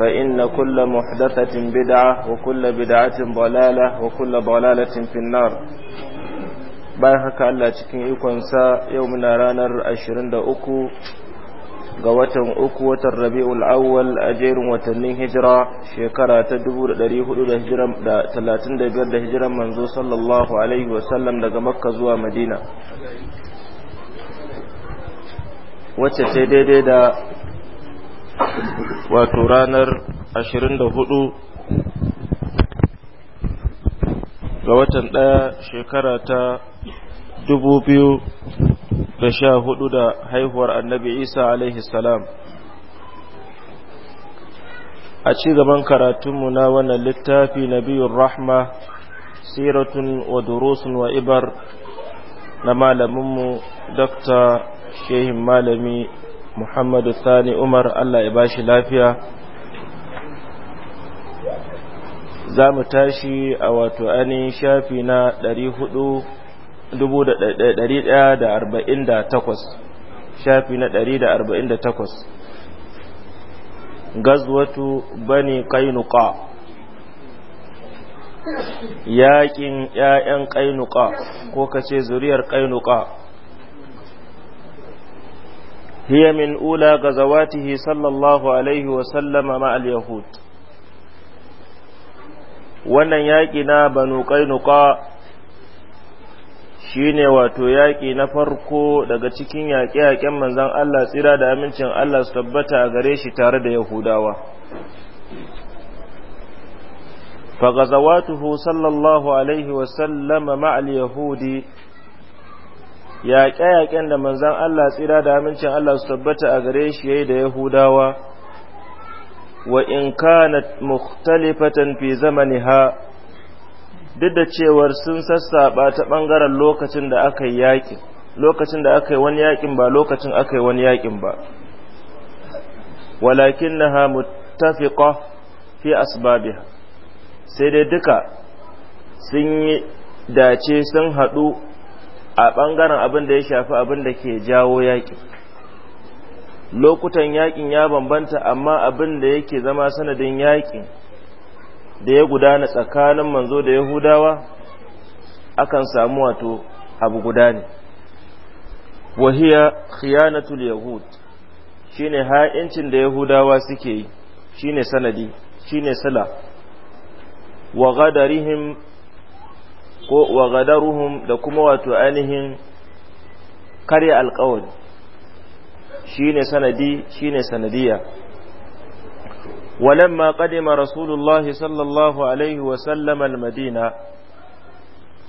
فإن كل محدثة بدعة وكل بدعة ضلالة وكل ضلالة في النار bayan haka Allah cikin ikonsa yau muna ranar 23 ga watan uku watan rabi'ul awwal a jerin watannin hijira shekara ta 435 da hijiran manzo sallallahu alaihi wasallam daga makka zuwa madina wacce ce daidai da wato ranar 24 ga watan ɗaya shekara ta 2014 da haihuwar annabi isa alaihi salam a ci gaban karatunmu na wannan littafi na biyun rahma siratun wa durusun wa ibar na malaminmu dr shehin malami muhammadu sani umar allah ya bashi lafiya za mu tashi a wato ainihin shafi na 448 shafi na 148 gazwatu bani kainuka yaƙin ‘ya'yan kainuka ko kace zuriyar kainuka هي من أولى غزواته صلى الله عليه وسلم مع اليهود wannan yaƙi na banu ƙainuka shi ne wato yaƙi na farko daga cikin yaƙe-yaƙen manzan Allah tsira da amincin Allah su tabbata a gare shi tare da Yahudawa. fagazawatuhu sallallahu alaihi عليه وسلم مع yahudi. yaƙe-yaƙen da manzan Allah tsira da amincin Allah su tabbata a gare shi yayi da Yahudawa wa in kanat mukhtalifatan fi zamaniha duk da cewar sun sassaba ta bangaren lokacin da aka yi yaƙi lokacin da aka yi wani yaƙin ba lokacin aka yi wani yaƙin ba walakinnaha muttafiqa fi asbabiha sai dai duka sun yi dace sun haɗu a ɓangaren abin da ya shafi abin da ke jawo yaƙi lokutan yaƙin ya bambanta amma abin da yake zama sanadin yaƙin da ya gudana tsakanin manzo da yahudawa akan samu wato abu guda ne wahiya khiyanatul yahud shine ha'incin da yahudawa suke yi shine sanadi shine sala wa ghadarihim ko wa gadaruhum da kuma wato ainihin karya alkawar shine sanadi shine sanadiya ولما قدم رسول الله صلى الله عليه وسلم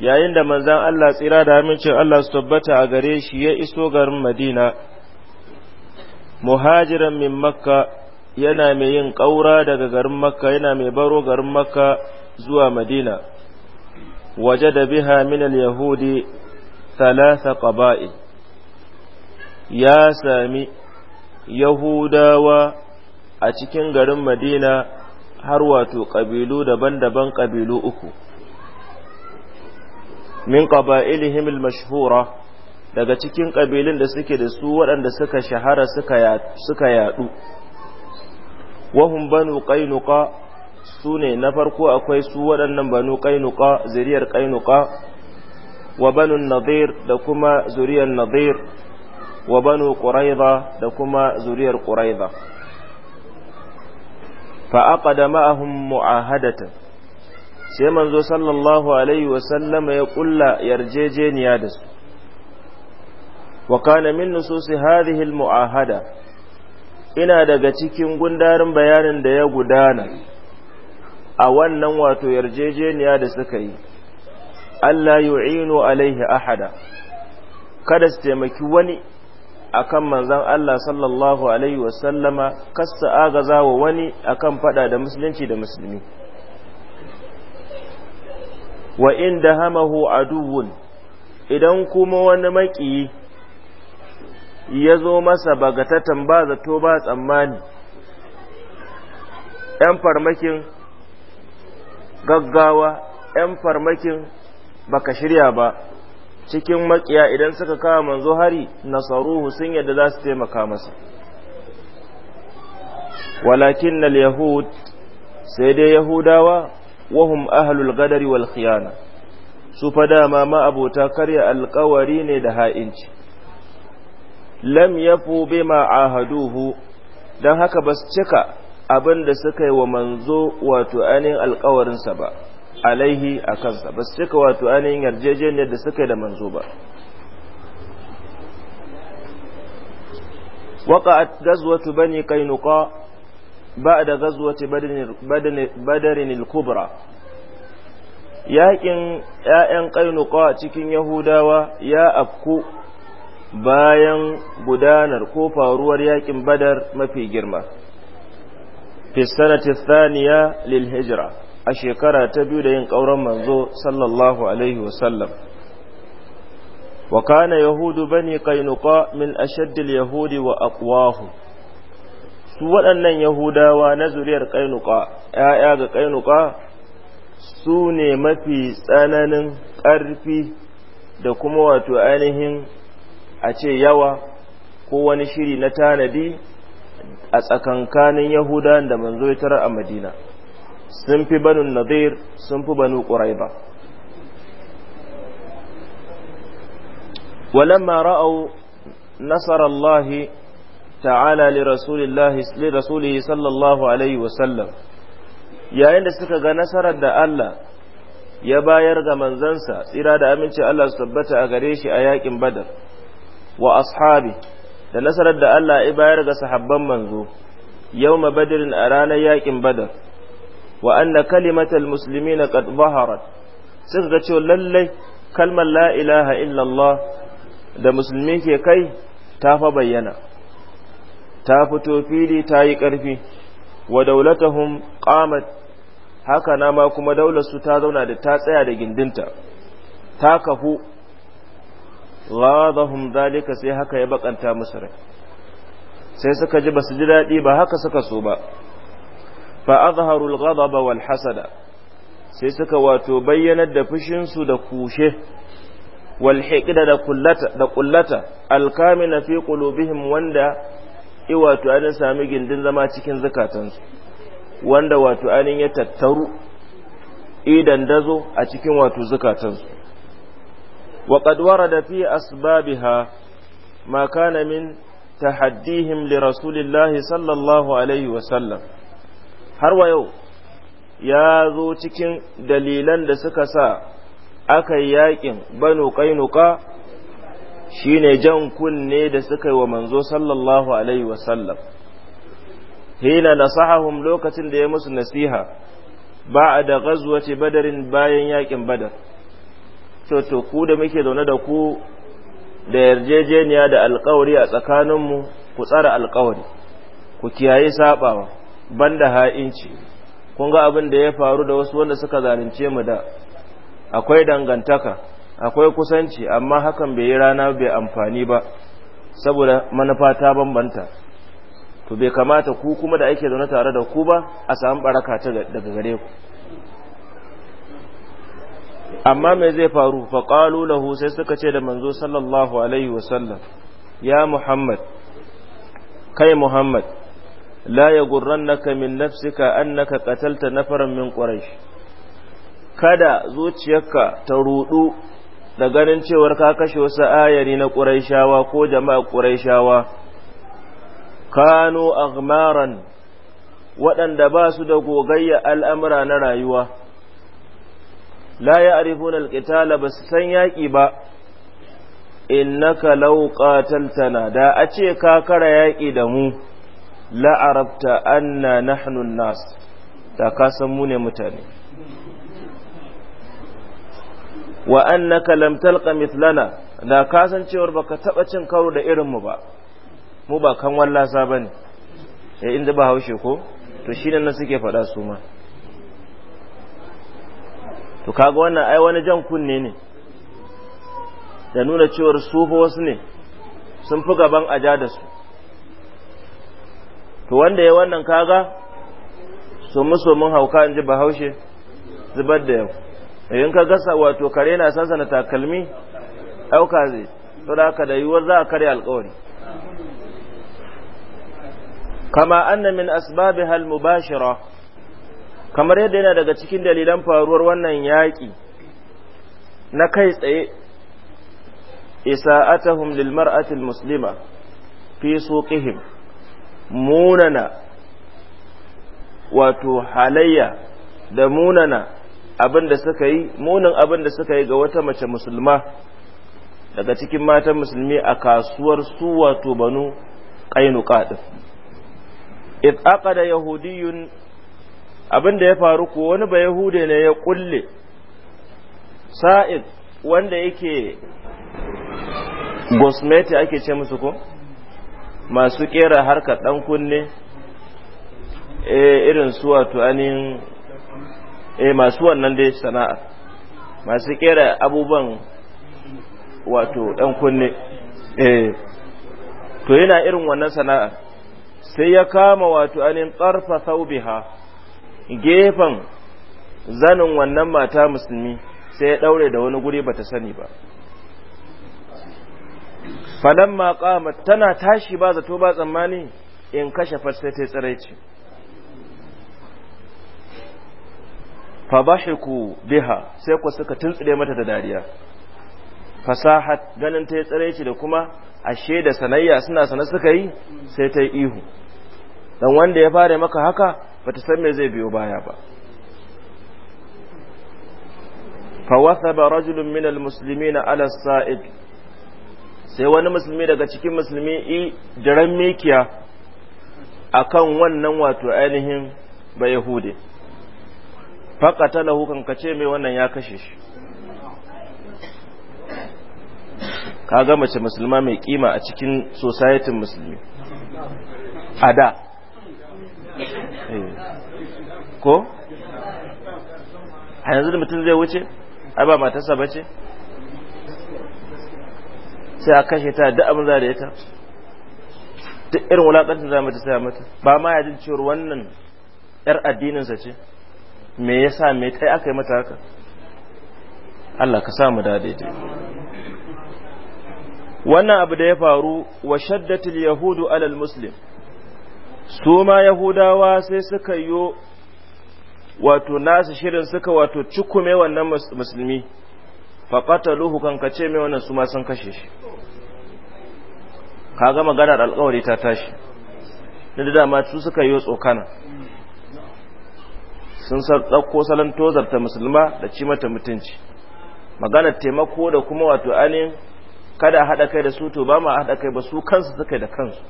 yayin da manzon Allah tsira da amincin Allah su tabbata a gare shi ya iso garin Madina muhajiran min Makka yana mai yin ƙaura daga garin Makka yana mai baro garin Makka zuwa Madina وجد بها من Yahudi ثلاث قبائل ya sami Yahudawa a cikin garin Madina har wato ƙabilu daban-daban ƙabilu uku. Min ƙaba'ilihim mashhura daga cikin ƙabilun da suke da su waɗanda suka shahara suka yaɗu, wahun banu ƙainuka su ne na farko akwai su waɗannan banu ƙainuka zuriyar ƙainuka wa banu nadir da kuma zuriyar nadir wa banu ƙuraiza da kuma zuriyar ƙuraiza fa'aƙada ma'ahun mu’ahadata sai manzo sallallahu alaihi wasallama ya ƙulla yarjejeniya da su wa kana min nususi hadhihi al mu'ahada ina daga cikin gundarin bayanin da ya gudana a wannan wato yarjejeniya da suka yi Allah yu'inu alaihi ahada kada su taimaki wani akan manzon Allah sallallahu alaihi wasallama kasta agaza wa wani akan fada da musulunci da musulmi wa inda hamahu aduwun idan kuma wani maƙiyi ya zo masa ta ba zato ba tsammani ‘yan farmakin gaggawa 'yan farmakin baka shirya ba cikin makiya idan suka kawo manzo hari nasaruhu sun yadda za su taimaka masa walakin na yahud sai dai yahudawa wahum ahlul gadari wal khiyana su fa dama ma abota karya alkawari ne da ha'inci lam yafu bima ahaduhu don haka ba su cika abin da suka yi wa manzo wato ainihin alkawarinsa ba alaihi a kansa ba su cika wato ainihin yarjejeniyar da suka yi da manzo ba a gazwatu bani kainuka ba da gazwatu badarin kubra yaƙin ‘ya'yan kainuka cikin yahudawa ya afku bayan gudanar ko faruwar yaƙin badar mafi girma fi sanati thaniya lil hijra a shekara ta biyu da yin ƙauran manzo sallallahu alaihi wasallam wa kana yahudu bani qainuqa min ashaddil yahudi wa aqwahu su waɗannan yahudawa na zuriyar qainuqa ƴaƴa ga qainuqa su ne mafi tsananin ƙarfi da kuma wato ainihin a ce yawa ko wani shiri na tanadi a tsakankanin yahuda da manzo ya a madina sun fi banu nadir sun fi banu ƙuraiba walamma ra'au nasarar ta'ala lirasulihi sallallahu alaihi wasallam yayin da suka ga nasarar da Allah ya bayar ga manzansa tsira da aminci Allah su tabbata a gare shi a yakin badar wa ashabi da nasarar da Allah ya bayar ga sahabban manzo yawma badrin a ranar yakin badar wa anna kalimatal muslimina qad zaharat suka ga cewa lallai kalmar la ilaha illallah da musulmi ke kai ta fa bayyana ta fito fili ta yi ƙarfi wa daulatahum qamat haka na ma kuma daular su ta zauna da ta tsaya da gindinta ta kafu ghadahum dalika sai haka ya bakanta musu rai sai suka ji basu ji dadi ba haka suka so ba fa azharu al-ghadaba wal hasada sai suka wato bayyanar da fushin su da kushe wal da kullata da kullata al fi qulubihim wanda i wato an sami gindin zama cikin su wanda wato anin ya tattaru idan dazo a cikin wato su وقد ورد في أسبابها ما كان من تحديهم لرسول الله صلى الله عليه وسلم har wa yau ya zo cikin dalilan da suka sa aka yi yakin banu kainuka shine jan kunne da suka wa manzo sallallahu alaihi wasallam hina nasahahum lokacin da ya musu nasiha ba da ghazwati badarin bayan yakin badar ce to ku da muke zaune da ku da yarjejeniya da alkawari a tsakaninmu ku tsara alkawari ku kiyaye sabawa banda ha'inci kun ga abin da ya faru da wasu wanda suka zalunce mu da akwai dangantaka akwai kusanci amma hakan bai yi rana bai amfani ba saboda manufa ta bambanta to bai kamata ku kuma da ake zaune tare da ku ba a samu baraka daga gare ku amma me zai faru fa qalu lahu sai suka ce da manzo sallallahu alaihi wasallam ya muhammad kai muhammad la yaghurrannaka min nafsika annaka qatalta nafaran min quraish kada zuciyarka ta rudu da ganin cewar ka kashe wasu ayari na quraishawa ko jama'a quraishawa kanu aghmaran waɗanda ba su da gogayya al'amura na rayuwa la ya'rifuna al ba bas san yaki ba innaka law qataltana da a ce ka kara yaki da mu la arabta anna nahnu nas da ka san mu ne mutane wa annaka lam talqa mithlana da ka san cewar baka taba cin karo da irin mu ba mu ba kan wallasa bane eh inda ba haushe ko to shine nan suke faɗa su ma to kaga wannan ai wani jan kunne ne da nuna cewar su wasu ne sun fi gaban aja da su to wanda ya wannan kaga somu somun hauka in ji bahaushe zubar da yau eh, in ka gasa wato kare na sansana takalmi auka zai to da haka da yiwuwar za a karya alkawari kama anna min asbabiha mubashira kamar yadda yana daga cikin dalilan faruwar wannan yaƙi na kai tsaye isa'atahum lil mar'atil muslima fi suqihim munana wato halayya da munana abin da suka yi munin abin suka yi ga wata mace musulma daga cikin matan musulmi a kasuwar su wato banu qainuqa din id aqada yahudiyun. abin da ya faru ko wani ba yahude ne ya kulle sa'id wanda yake gosmeti ake ce musu ko masu kera harkar dan kunne eh, irin su wato anin e eh, masu wannan dai sana'a masu kera abubuwan wato dan kunne eh to yana irin wannan sana'a sai ya kama wato anin tsarfa saubiha gefen zanin wannan mata musulmi sai ya daure da wani guri bata sani ba falamma qamat tana tashi ba zato ba tsammani in kashe sai ta tsiraici fa ku biha sai ku suka tuntsire mata da dariya fasahat ganin ta yi tsiraici da kuma ashe da sanayya suna sana suka yi sai ta yi ihu dan wanda ya fara maka haka bata san me zai biyo baya ba fawasaba rajulun min almuslimina ala sa'id sai wani musulmi daga cikin musulmi i daren mikiya akan wannan wato ainihin ba yahude faqatalahu kan kace mai wannan ya kashe shi ka kaga mace musulma mai kima a cikin society musulmi a da ko a yanzu da mutum zai wuce ai ba matarsa ba ce sai a kashe ta da abin za da ita duk irin wulaƙantar za mata sai mata ba ma yajin cewar wannan yar addininsa ce me yasa me kai aka yi mata haka Allah ka samu daidai wannan abu da ya faru wa shaddatul yahudu alal muslim su ma yahudawa sai suka yi wato nasu shirin suka wato cikume wannan musulmi kan kace mai wannan su ma sun kashe shi kaga maganar alƙawari ta tashi da dama su suka yi tsokana sun ɗauko salon tozarta musulma da ci mata mutunci maganar taimako da kuma wato ainihin kada haɗa kai da su to ba ma haɗa kai ba su kansu suka da kansu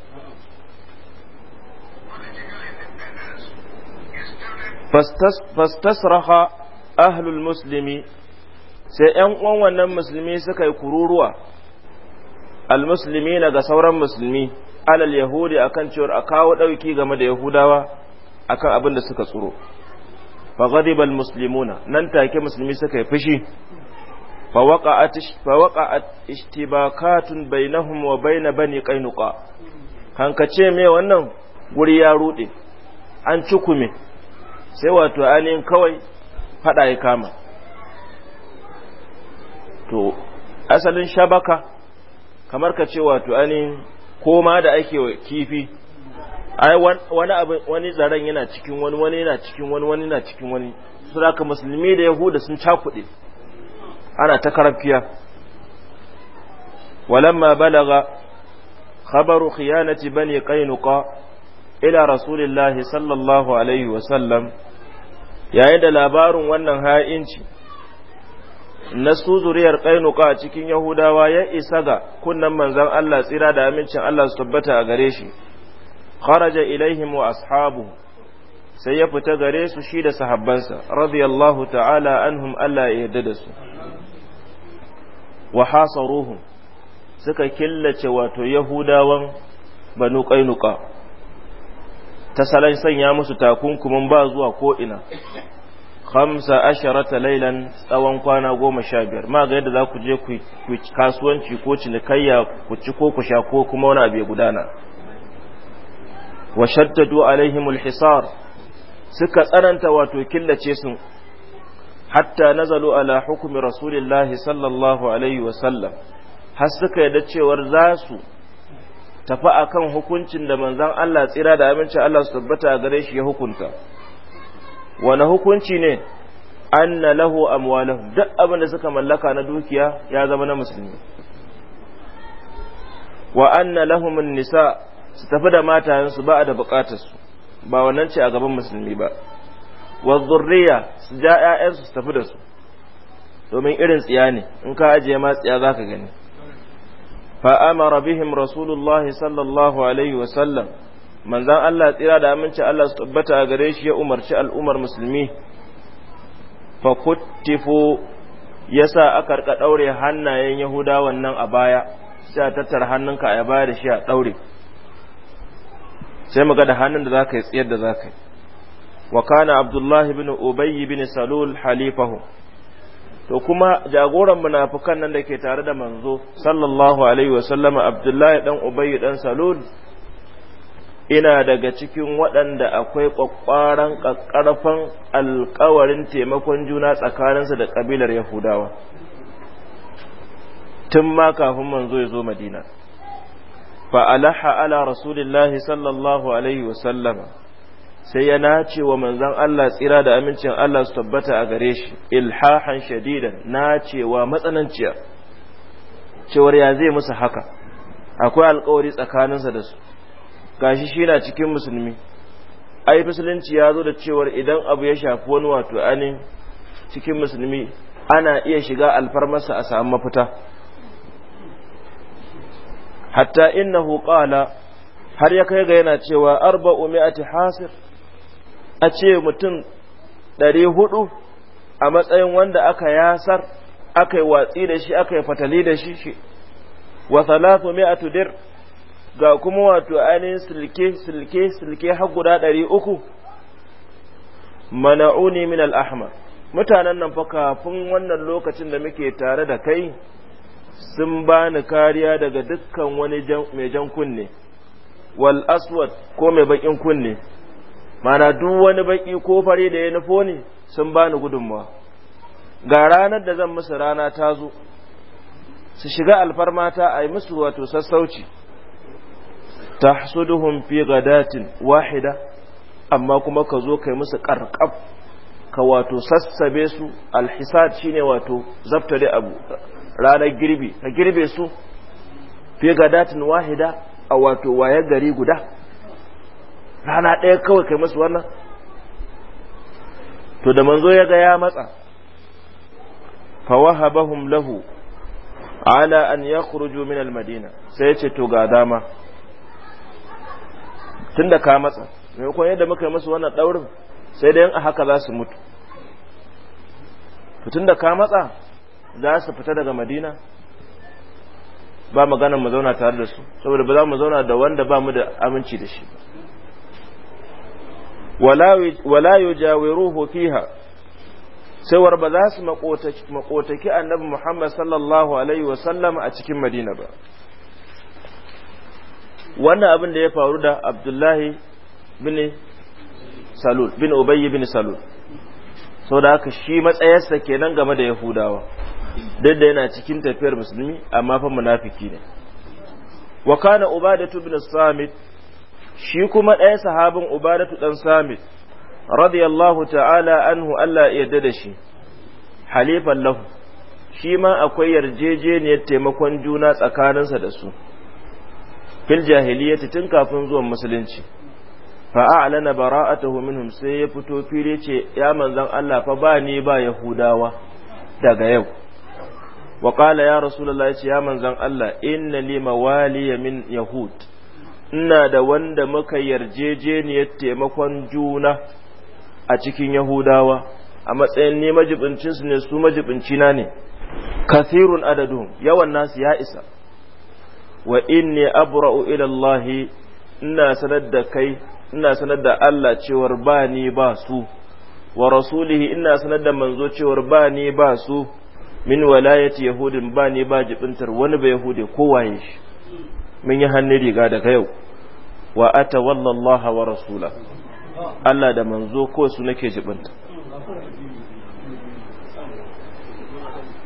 fastasraha ahlul muslimi sai ‘yan uwan wannan musulmi suka yi kururuwa almusulmi na ga sauran musulmi alal yahudi akan cewar a kawo ɗauki game da yahudawa akan abin da suka tsoro bal musulmuna nan take musulmi suka yi fushi fawaqa'at fawaqa'at ishtibakatun bainahum wa bain bani qainuqa hankace me wannan guri ya rude an cukumi. sai wato ainihin kawai fada ya kama to asalin shabaka kamar ka ce wato ainihin koma da ake kifi ai wani abu wani zaren yana cikin wani wani yana cikin wani wani yana cikin wani saboda musulmi da yahuda sun cakuɗe ana ta karafiya walamma balaga khabaru khiyanati bani qainuqa ila rasulillahi sallallahu alaihi wasallam yayin da labarin wannan ha'inci na su zuriyar ƙainuka cikin yahudawa ya isa ga kunnan manzan Allah tsira da amincin Allah su tabbata a gare shi kharaja ilaihim wa ashabu sai ya fita gare su shi da sahabbansa radiyallahu ta'ala anhum Allah ya yarda da su wa hasaruhum suka killace wato yahudawan banu ƙainuka ta salon sanya musu takunkumin ba zuwa ko'ina hamsa asharata lailan tsawon kwana goma sha biyar ma ga yadda za ku je ku kasuwanci ko cinikayya ku ci ko ku sha ko kuma wani abu ya gudana wa shaddadu alaihimul hisar suka tsananta wato killace su hatta nazalu ala hukumi rasulillahi sallallahu alaihi wasallam har suka yadda cewar za su tafi a kan hukuncin da manzan Allah tsira da aminci Allah su tabbata a gare shi ya hukunta wani hukunci ne anna lahu amwalahum duk abin da suka mallaka na dukiya ya zama na musulmi wa anna lahum nisa su tafi da matayensu ba a da bukatarsu ba wannan ce a gaban musulmi ba wa zurriya su ja 'ya'yansu su tafi da su domin irin tsiya ne in ka ajiye ma tsiya ka gani فامر بهم رسول الله صلى الله عليه وسلم من su الله a gare shi ya umarci al'ummar musulmi. شي امرشي الامر مسلمي فكتفوا يسا اكر كدوري حنايه يهودا wannan abaya sai tattar hannunka a baya da shi a daure sai muga da hannun da zaka yi tsiyar da zaka yi wa abdullahi bin ubayy bin salul halifahu to kuma jagoran munafukan nan da ke tare da manzo sallallahu alaihi wasallama abdullahi dan ubayy dan salul ina daga cikin waɗanda akwai ƙwaƙƙwaran ƙaƙƙarfan alƙawarin taimakon juna tsakaninsa da ƙabilar yahudawa tun ma kafin manzo ya zo madina alaha ala rasulillahi sallallahu alaihi wasallama sai ya nace wa manzon Allah tsira da amincin Allah su tabbata a gare shi ilhahan shadidan wa matsananciya cewar ya zai musu haka akwai alkawari tsakaninsa da su gashi shi na cikin musulmi ai musulunci ya zo da cewar idan abu ya shafi wani wato ani, cikin musulmi ana iya shiga alfarmarsa a samu mafita hatta innahu qala har ya kai ga yana cewa arba'u mi'ati hasir a ce mutum ɗari hudu a matsayin wanda aka yasar aka yi watsi da shi aka yi fatali da shi shi wa salatu mi'atu dir ga kuma wato ainihin silke silke silke har guda ɗari uku mana'uni min al-ahmar mutanen nan fa kafin wannan lokacin da muke tare da kai sun bani kariya daga dukkan wani mai jan kunne wal aswad ko mai bakin kunne mana duk wani baki ko fari da ya nufo ne sun bani gudunmuwa ga ranar da zan musu rana ta zo su shiga alfarmata a yi musu wato sassauci ta hasuduhun fi gadatin wahida amma kuma ka zo kai musu karkab ka wato sassabe su alhisad shine wato zaftare abu ranar girbi ka girbe su fi gadatin wahida a wato waye gari guda rana ɗaya kawai kai masu wannan to da manzo ya ga ya matsa fawahabahum lahu ala an yakhruju min almadina sai ya ce to ga dama tunda ka matsa me ko yadda muka yi masu wannan daurin sai dai a haka za su mutu to tunda ka matsa za su fita daga madina ba magana mu zauna tare da su saboda ba za mu zauna da wanda ba mu da aminci da shi ba wala yujawiruhu fiha cewar ba za su maƙotaki annabi Muhammad sallallahu alaihi wasallam a cikin Madina ba wannan abin da ya faru da Abdullahi bin Salul bin Ubayy bin Salul sau da haka shi matsayarsa kenan game da Yahudawa duk da yana cikin tafiyar musulmi amma fa munafiki ne Wakana kana Ubadatu bin Samit shi kuma ɗaya sahabin ubadatu ɗan samit radiyallahu ta'ala anhu Allah ya yarda da shi halifan lahu shi ma akwai yarjejeniyar taimakon juna tsakaninsa da su fil jahiliyyati tun kafin zuwan musulunci fa a'lana bara'atuhu minhum sai ya fito fili ce ya manzon Allah fa ba ni ba yahudawa daga yau wa qala ya rasulullahi ya manzon Allah inna li mawaliya min yahud ina da wanda muka yarjejeniyar taimakon juna a cikin yahudawa a matsayin ne majibincinsu ne su majibincina ne kasirun adadun yawan nasu ya isa wa inni abra'u ila Allah ina sanar da kai ina sanar da Allah cewar ba ni ba su wa rasulihi ina sanar da manzo cewar ba ni ba su min walayati yahudin ba ni ba jibintar wani ba yahudi ko waye shi mun yi hannun riga daga yau wa ta wallallaha wa rasula Allah da manzo ko su nake jibinta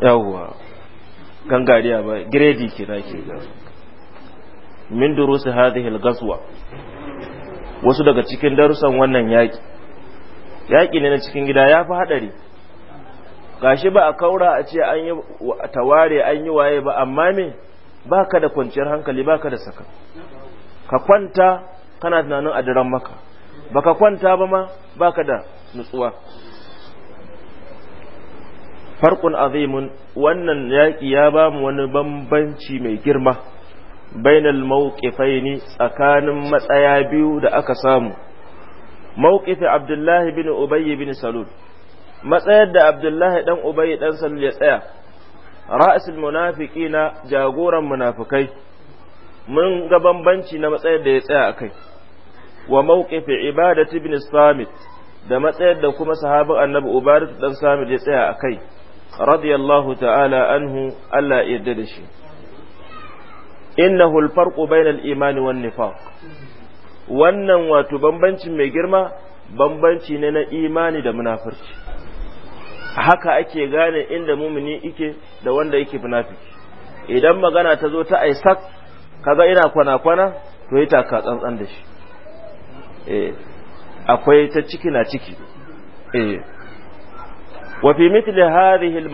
yawwa gangariya ba giredi ke na ke min durusi hadhihi al wasu daga cikin darussan wannan yaƙi. Yaƙi ne na cikin gida ya fi Ga gashi ba a kaura a ce an yi ware an yi waye ba amma me baka da kwanciyar hankali baka da saka ka kwanta kana tunanin a daren maka baka kwanta ba ma baka da nutsuwa farkun azimun wannan yaƙi ya ba mu wani bambanci mai girma bainal ne tsakanin matsaya biyu da aka samu mawqifi abdullahi bin ubayy bin salul matsayar da abdullahi ɗan ubayy ɗan salul ya tsaya ra'asul na jagoran munafikai mun ga bambanci na matsayar da ya tsaya akai wa mawqifi ibadat ibn samit da matsayar da kuma sahabin annabi ubadat dan samit ya tsaya akai radiyallahu ta'ala anhu Allah ya yarda da shi innahu al-farqu bayna al-iman wan nifaq wannan wato bambancin mai girma bambanci ne na imani da munafurci haka ake gane inda mumini ike da wanda yake munafiki idan magana ta zo ta aisak kaga ina kwana-kwana to yi taka tsantsan da shi eh, akwai ta ciki na ciki Wafi eh, wa fi mithli hadhihi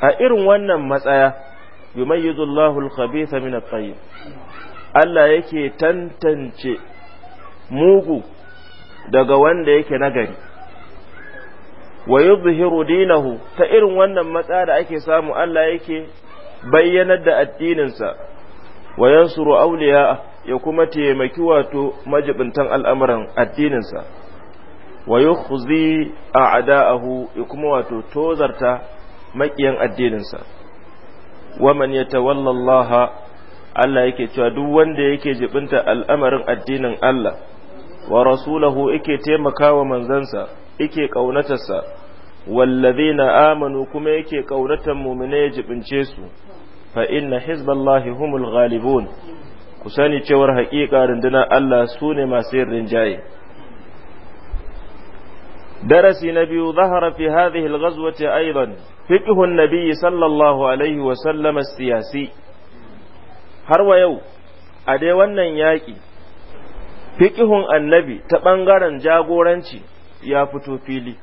a irin wannan matsaya yumayyizu Allahu al-khabitha min Allah yake tantance mugu daga wanda yake nagari wa yuzhiru dinahu ta irin wannan matsa da ake samu Allah yake bayyanar da addininsa wa yansuru awliya ya kuma taimaki wato majibintan al'amuran addininsa wa yukhzi a'da'ahu ya kuma wato tozarta makiyan addininsa wa man yatawalla Allah Allah yake cewa duk wanda yake jibinta al'amarin addinin Allah wa rasulahu yake taimakawa manzansa yake ƙaunatarsa wallazi na amanu kuma yake ƙaunatar mumina ya jibince su fa inna hizballahi humul ghalibun ku sani cewar haƙiƙa rundunar Allah su ne masu yin rinjaye darasi na biyu zahara fi hadhihi alghazwati aidan fiqhu an-nabi sallallahu alaihi wa sallam siyasi har wa yau a dai wannan yaki fiqhun annabi ta ɓangaren jagoranci ya fito fili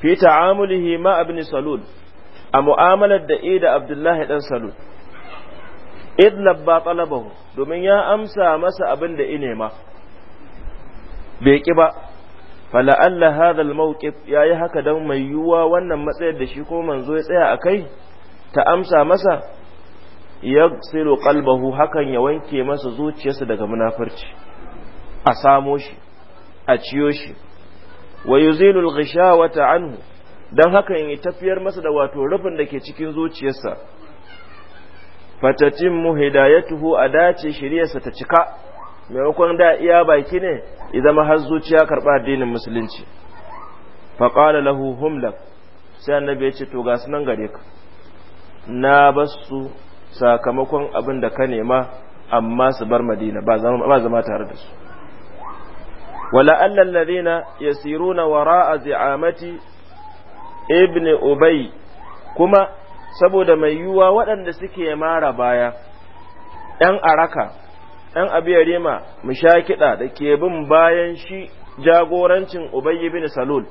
fi ta'amulihi ma ibn salul a mu'amalar da e abdullahi dan salul id labba talabahu domin ya amsa masa abin da inema. ma bai ki ba alla hadha al-mawqif yayi haka dan mai yuwa wannan matsayar da shi ko manzo ya tsaya akai ta amsa masa yagsilu qalbahu hakan ya wanke masa zuciyarsa daga munafurci a samo shi a ciyo shi wa yuzilul ghishawata anhu dan haka yin tafiyar masa da wato rufin da ke cikin zuciyarsa ya hidayatuhu a dace shiryarsa ta cika maimakon da iya baki ne ya zama har zuciya karɓa addinin musulunci qala lahu humlak sai annabi ya ce to ga sunan gare ka na basu sakamakon abin da ka nema amma su bar madina ba zama tare da su ولعل الذين يسيرون وراء زعامة ابن أبي kuma saboda mai yuwa waɗanda suke mara baya ‘yan araka ‘yan abiyarima mushakiɗa da ke bin bayan shi jagorancin Ubayy bin Salul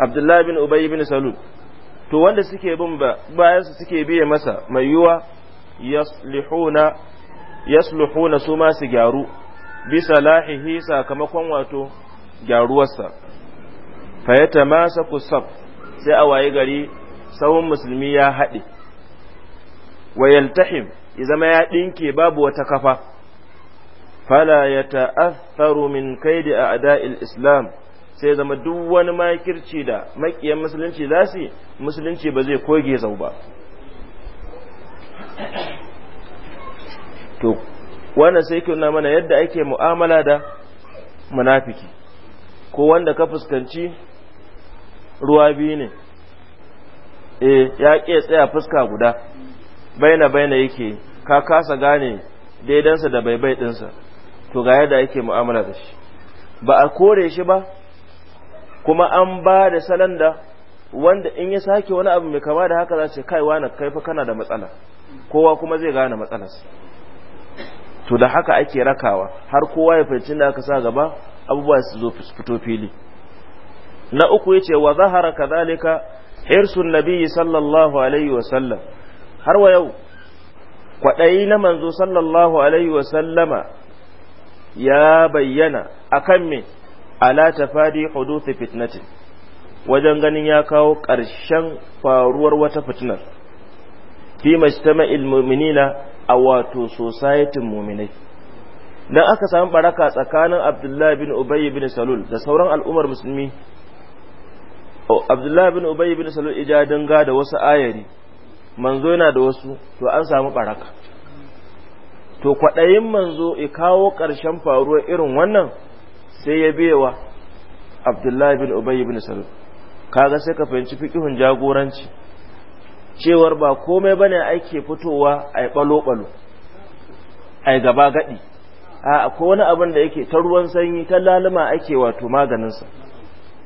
Abdullahi bin Ubayy bin Salul to wanda suke bin bayansu suke biye masa mai yiwuwa yasluhuna su ma su gyaru bisa lahihi sakamakon wato gyaruwarsa fayyata masa kusaf sai a waye gari sahun musulmi ya haɗe wayaltahim ya zama ya ɗinke babu wata kafa fala ya ta'atharu min kaidi a ada'il islam sai zama duk wani makirci da makiyan musulunci za su musulunci ba zai koge zau ba wannan sai nuna mana yadda ake mu'amala da munafiki ko wanda ka fuskanci ruwa biyu ne eh ya ke tsaya fuska guda baina baina yake ka kasa gane daidansa da baibai dinsa to ga yadda ake mu'amala da shi ba a kore shi ba kuma an ba da salon da wanda in ya sake wani abu mai kama da haka za ce kaiwa na kaifa kana da matsala kowa kuma zai gane matsalarsa to da haka ake rakawa har kowa ya fahimci da aka sa gaba abubuwa su zo fito fili na uku yace wa zahara kadalika hirsun nabiyyi sallallahu alaihi wa sallam har wa yau kwaɗayi na manzo sallallahu alaihi wa sallama ya bayyana akan me ala tafadi huduthi fitnatin wajen ganin ya kawo ƙarshen faruwar wata fitinar fi majtama'il mu'minina a wato societin muminai dan aka samu baraka tsakanin abdullahi bin ubayy bin salul da sauran al'ummar musulmi abdullahi bin ubayy bin salul ijadin ga da wasu ayari manzo yana da wasu to an samu baraka to kwaɗayin manzo ya kawo ƙarshen faruwar irin wannan sai ya bewa abdullahi bin ubayy bin salul kaga sai ka fahimci fikihun jagoranci cewar ba komai bane ake fitowa a yi balo-balo a yi gaba gaɗi. a akwai wani abin da yake ta ruwan sanyi ta laluma ake wato maganinsa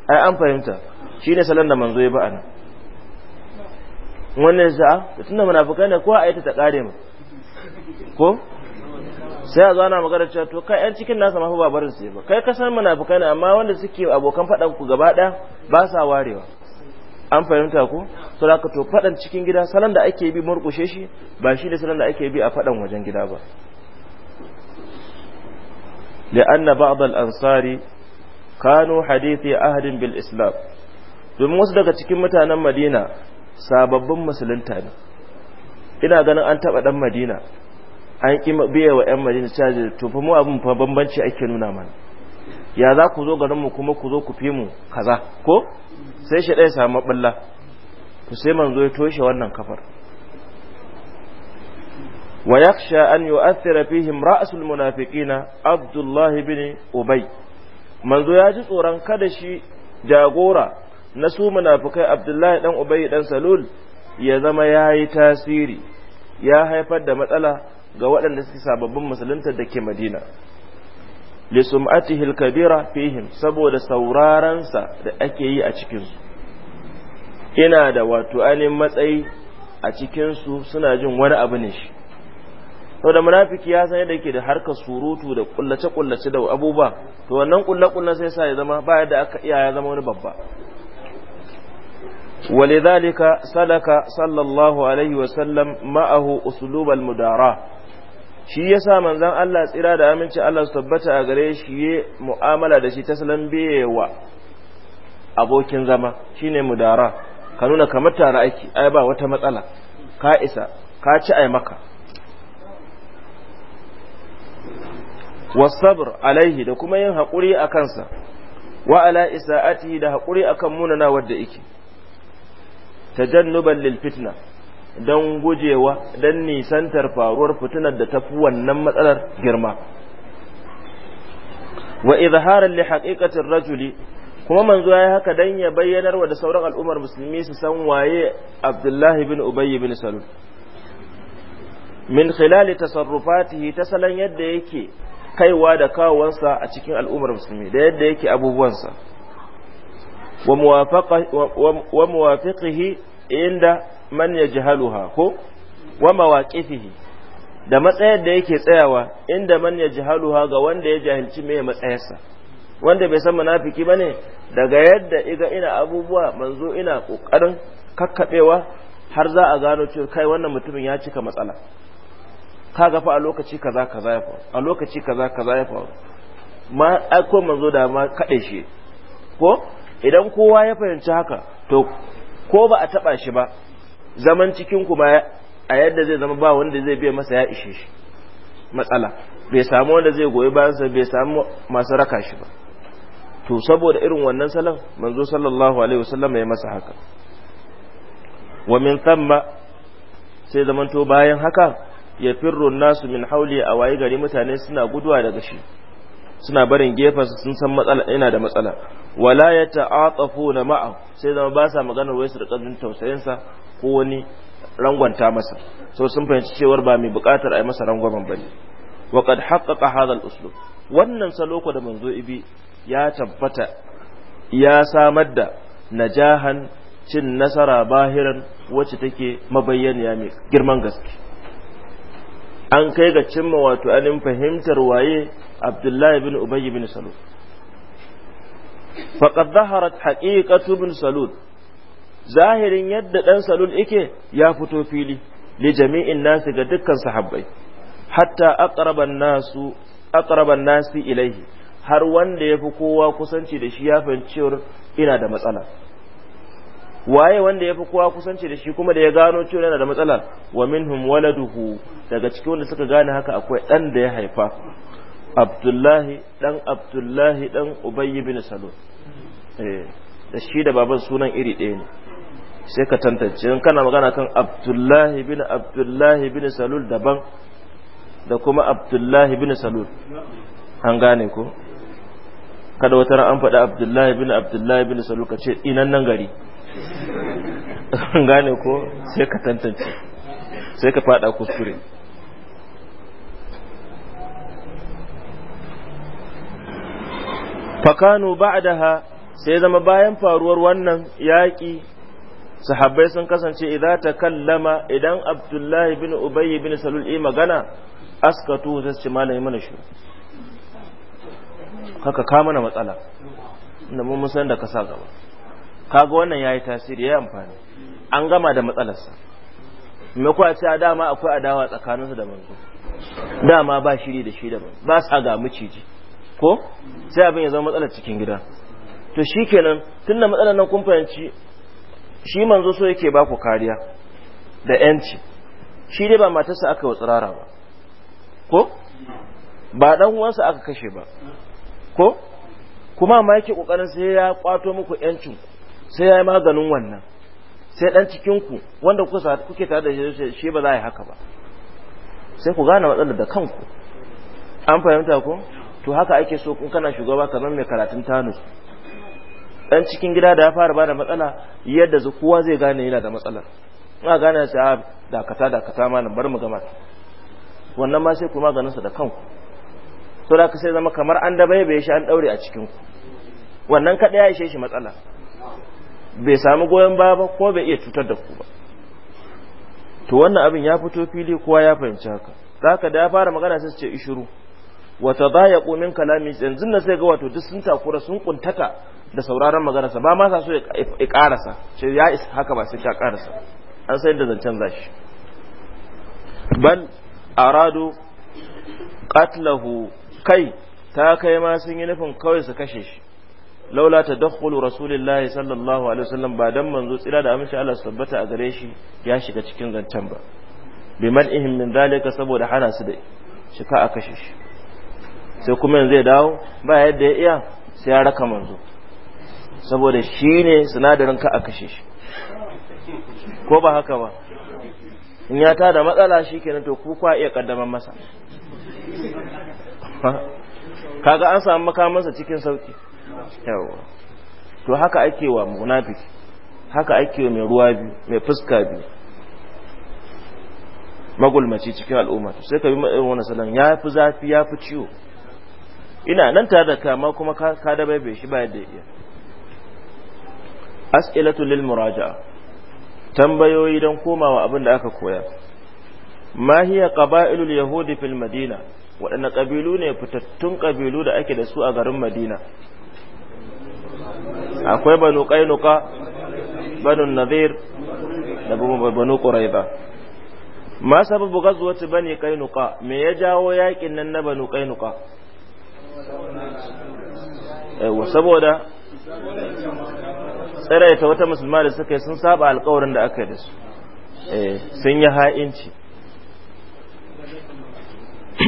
yi an fahimta shi ne salon da manzo ya ba'ana wannan za'a? da ah, tunda munafukai ne ko a yi ta ta ƙare mu ko sai a zana magana cewa to kai yan cikin nasa mafi babarin su ba kai kasan munafukai ne amma wanda suke abokan faɗan ku gaba ɗaya ba sa warewa an fahimta ko so da to fadan cikin gida salon da ake bi murkushe shi ba shi ne salon da ake bi a fadan wajen gida ba li'anna ba'd al-ansari kanu hadithi ahdin bil islam domin wasu daga cikin mutanen madina sababbin musulunta ne ina ganin an taba dan madina an kima biya wa yan madina caji to fa mu abun fa bambanci ake nuna mana ya za ku zo garinmu kuma ku zo ku fi mu kaza ko sai shi ɗaya samu ɓulla to sai manzo ya toshe wannan kafar wa yakhsha an yu'athira fihim ra'sul munafiqina Abdullah ibn Ubay manzo ya ji tsoron kada shi jagora na su munafikai abdullahi dan Ubay dan Salul ya zama yayi tasiri ya haifar da matsala ga waɗanda suke sababbin musulunta da ke Madina lisum'atihi al-kabira fihim saboda sa da ake yi a cikin su ina da wato anin matsayi a cikin su suna jin wani abu ne shi da munafiki ya san yadda yake da harkar surutu da kullace kullace da abubuwa to wannan kullakullan sai sa ya zama ba yadda aka iya ya zama wani babba ولذلك sadaka sallallahu alaihi عليه وسلم معه أسلوب shi ya yasa manzon Allah tsira da aminci Allah su tabbata a gare shi ya mu'amala da shi ta salon wa abokin zama Shi shine mudara ka nuna kamar tare aiki ai ba wata matsala ka isa ka ci ai maka wasabr alaihi da kuma yin haƙuri a kansa wa ala ati. da haƙuri akan munana wadda Ta ta lil fitna don gujewa don nisantar faruwar fitinar da ta fi wannan matsalar girma wa izharan li haqiqatir rajuli kuma manzo yayi haka dan ya bayyanar wa da sauran al'ummar musulmi su san waye Abdullahi bin Ubay bin Salul min khilali tasarrufatihi ta salon yadda yake kaiwa da kawowansa a cikin al'ummar musulmi da yadda yake abubuwansa wa muwafiqihi inda man yajhaluha ko wa mawaqifihi da matsayar da yake tsayawa inda man yajhaluha ga wanda ya jahilci mai matsayarsa wanda bai san munafiki ne daga yadda iga ina abubuwa manzo ina kokarin kakkabewa har za a gano cewa kai wannan mutumin ya cika matsala ka fa a lokaci kaza kaza ya faru a lokaci kaza kaza ya faru ma ko manzo da ma kade shi ko idan kowa ya fahimci haka to ko ba a taɓa shi ba zaman cikin kuma a yadda zai zama ba wanda zai biya masa ya ishe shi matsala bai samu wanda zai goyi sa bai samu masu raka shi ba to saboda irin wannan salon manzo sallallahu alaihi wasallam ya masa haka wa min thamma sai zamanto bayan haka ya firru nasu min hauli a waye gari mutane suna guduwa daga shi suna barin su sun san matsala yana da matsala wala ya ta'atafu na ma'a sai zama ba sa maganar wai su rikazin tausayinsa ko wani rangwanta masa so sun fahimci cewar ba mai bukatar a yi masa rangwamen bane wa kad haqqaqa hadha al-uslub wannan saloko da manzo ibi ya tabbata ya samar da najahan cin nasara bahiran wacce take mabayyaniya mai girman gaske an kai ga cimma wato anin fahimtar waye abdullahi bin ubay bin salul faqad zaharat haqiqatu bin salul zahirin yadda dan salul yake ya fito fili li jami'in nasi ga dukkan sahabbai hatta aqraban nasu aqraban nasi ilaihi har wanda yafi kowa kusanci da shi ya fahimci ina da matsala waye wanda ya fi kowa kusanci da shi kuma da ya gano cewa yana da matsala wa minhum waladuhu daga cikin wanda suka gane haka akwai dan da ya haifa abdullahi dan abdullahi dan ubay bin salul eh, da shi da baban sunan iri ɗaya ne sai ka tantance in kana magana kan abdullahi bin abdullahi bin salul daban da kuma abdullahi bin salul an gane ko kada wata ran an faɗi abdullahi bin abdullahi bin salul ka ce inan nan gari an gane ko sai ka tantance sai ka faɗa kuskure fakanu ba'daha sai zama bayan faruwar wannan yaƙi sahabbai sun kasance idan ta kallama idan abdullahi bin ubayy bin salul yi magana askatu sai ce malami mana shi haka ka mana matsala inda mun san da ka sa gaba kaga wannan yayi tasiri yayi amfani an gama da matsalarsa me kuwa ce dama akwai adawa tsakaninsu da manzo dama ba shiri da shi da ba sa ga miciji ko sai abin ya zama matsalar cikin gida to shi kenan tunda matsalar nan kun fahimci shi manzo so yake ba ku kariya da yanci shi dai ba matarsa aka yi tsirara ba ko ba dan uwansa aka kashe ba ko kuma ma yake kokarin sai ya kwato muku yancin sai ya yi maganin wannan sai dan cikinku wanda kuke tare da shi ba za a yi haka ba sai ku gane matsalar da kanku an fahimta ko to haka ake so kun kana shugaba kamar mai karatun tanus dan cikin gida da ya fara bada matsala yadda zu kowa zai gane yana da matsala ina gane sai a ah, dakata dakata malam bar mu gama wannan ma sai ku maganin sa da kanku to da ka sai zama kamar an dabaibaye shi an daure a cikin ku wannan kada ya ishe shi matsala bai samu goyon baya ba ko bai iya cutar da ku ba to wannan abin ya fito fili kowa ya fahimci haka zaka da ya fara magana sai su ce ishuru wata baya komin kalami yanzu na sai ga wato duk sun takura sun kuntaka da sauraron maganarsa ba ma sa so ya karasa ce ya isa haka ba sai ka karasa an sai da zancen zashi bal aradu qatlahu kai ta kai ma sun yi nufin kawai su kashe shi laula ta dakhulu rasulullahi sallallahu alaihi wasallam ba dan manzo tsira da aminci Allah su tabbata a gare shi ya shiga cikin zancen ba bi man'ihim min zalika saboda hana su da ka a kashe shi sai kuma yanzu ya dawo ba yadda ya iya sai ya raka manzo saboda shi ne sinadarin ka a kashe shi ko ba haka ba in ya da matsala shi kenan to kuka kwa iya kaddaman masa kaga an samu makamansa cikin sauki yawa to haka ake wa munafiki haka ake wa mai ruwa biyu mai fuska biyu magulmaci cikin al'umma sai ka bi irin wani salon ya fi zafi ya fi ciwo ina nan tare da kama kuma ka da bai shi ba da iya as'ilatu lil muraja'a tambayoyi don komawa abin da aka koya ma hiya qaba'ilul yahudi fil madina waɗanne ƙabilu ne fitattun ƙabilu da ake da su a garin madina akwai banu ƙainuka banu nadir da banu ƙuraiba ma sababu gazuwatu bani ƙainuka me ya jawo yaƙin nan na banu yawa saboda ta wata musulma da suka yi sun saba alkawarin da aka yi da su eh, sun yi ha'inci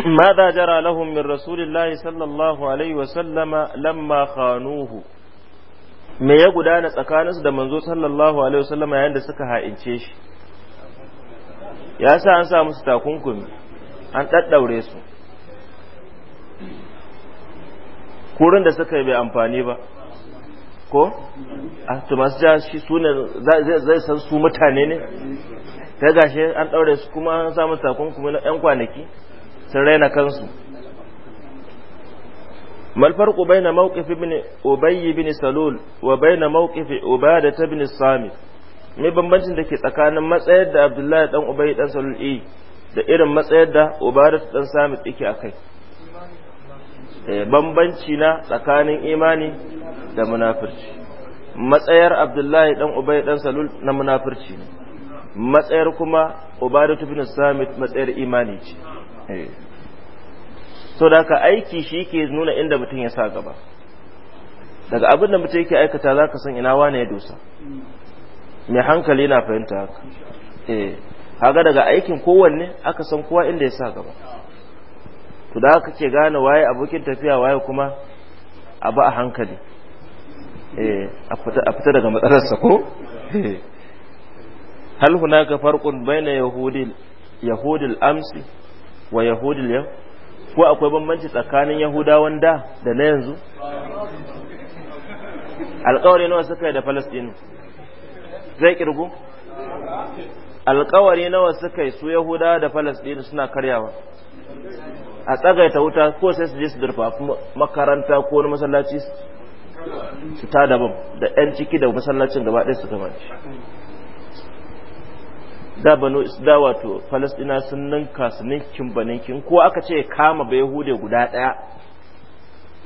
ma za jara lahun min الله صلى الله عليه lamma لما me ya gudana tsakaninsu da manzo sallallahu alaihi wasallama yayin da suka ha'ince shi ya sa an sa musu takunkumi an ɗaɗɗaure su kurin da suka yi bai amfani ba ko a ah, ja shi su zai san su mutane ne ta gashi an ɗaure su kuma an samu takunkumi na 'yan kwanaki sun raina kansu Malfar ما الفرق بين موقف ابن bai بن سلول وبين موقف عبادة بن sami mai bambancin da ke tsakanin matsayar da Abdullahi ɗan Ubay ɗan Salul eh, da irin matsayar da da ɗan sami Samit a kai. Eh, bambanci na tsakanin imani da munafirci matsayar abdullahi dan ubay dan salul na munafirci matsayar kuma ubadatu bin samit matsayar imani ce eh. so da ka aiki shi ke nuna inda mutum ya sa gaba daga abin da mutum yake aikata za ka san ina wane ya dosa mai hankali na fahimta haka haka eh. daga aikin kowanne aka san kowa inda ya sa gaba to da ce gane waye abokin tafiya waye kuma abu a hankali eh, a fita daga matsalarsa ko eh. hal ga farkon baina yahudil yahudil amsi wa yahudil yau ko akwai bambanci tsakanin yahudawan da da na yanzu alƙawari nawa suka yi da falastinu zai kirgu alƙawari nawa suka yi su yahudawa da falastinu suna karyawa a tsagaita wuta ko sai su je su durfafi makaranta ko wani masallaci su ta daban da ɗan ciki da masallacin gaba ɗaya su gama da banu da wato falastina sun ninka su ninkin ba ninkin ko aka ce kama ba yahude guda ɗaya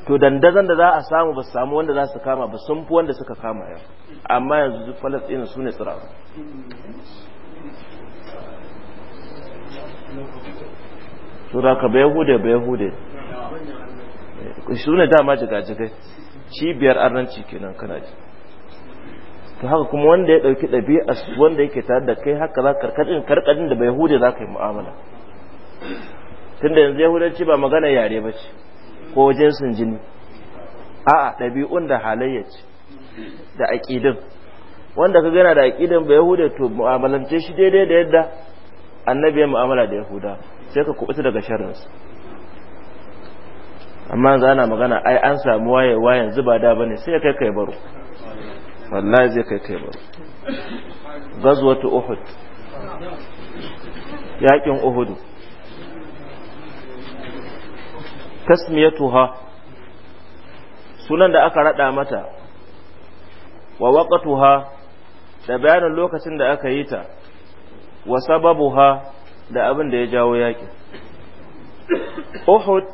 to dandazon da za a samu ba samu wanda za su kama ba sun fi wanda suka kama yau amma yanzu falastina su ne tsirawa sura ka bai hude bai hude eh, sune dama jigajigai cibiyar arnanci kenan kana ji to haka kuma wanda ya dauki ɗabi'a wanda yake tare da kai haka za karkadin karkadin da bai hude za ka yi mu'amala tunda yanzu yahudanci ba magana yare ba ce ko wajen sun jini a'a ɗabi'un da halayya ce da aƙidin wanda ka gana da aƙidin bai hude to mu'amalance shi daidai da yadda annabi ya mu'amala da yahuda sai ka kubuta daga sharrinsu amma yanzu ana magana ai an samu wayewa yanzu ba da bane sai kai kai baro wallahi zai kai kai baro gazwatu uhud yakin uhud tasmiyatuha sunan da aka rada mata wa waqtuha da bayanin lokacin da aka yi ta wa sababuha da abin da ya jawo yaƙi uhud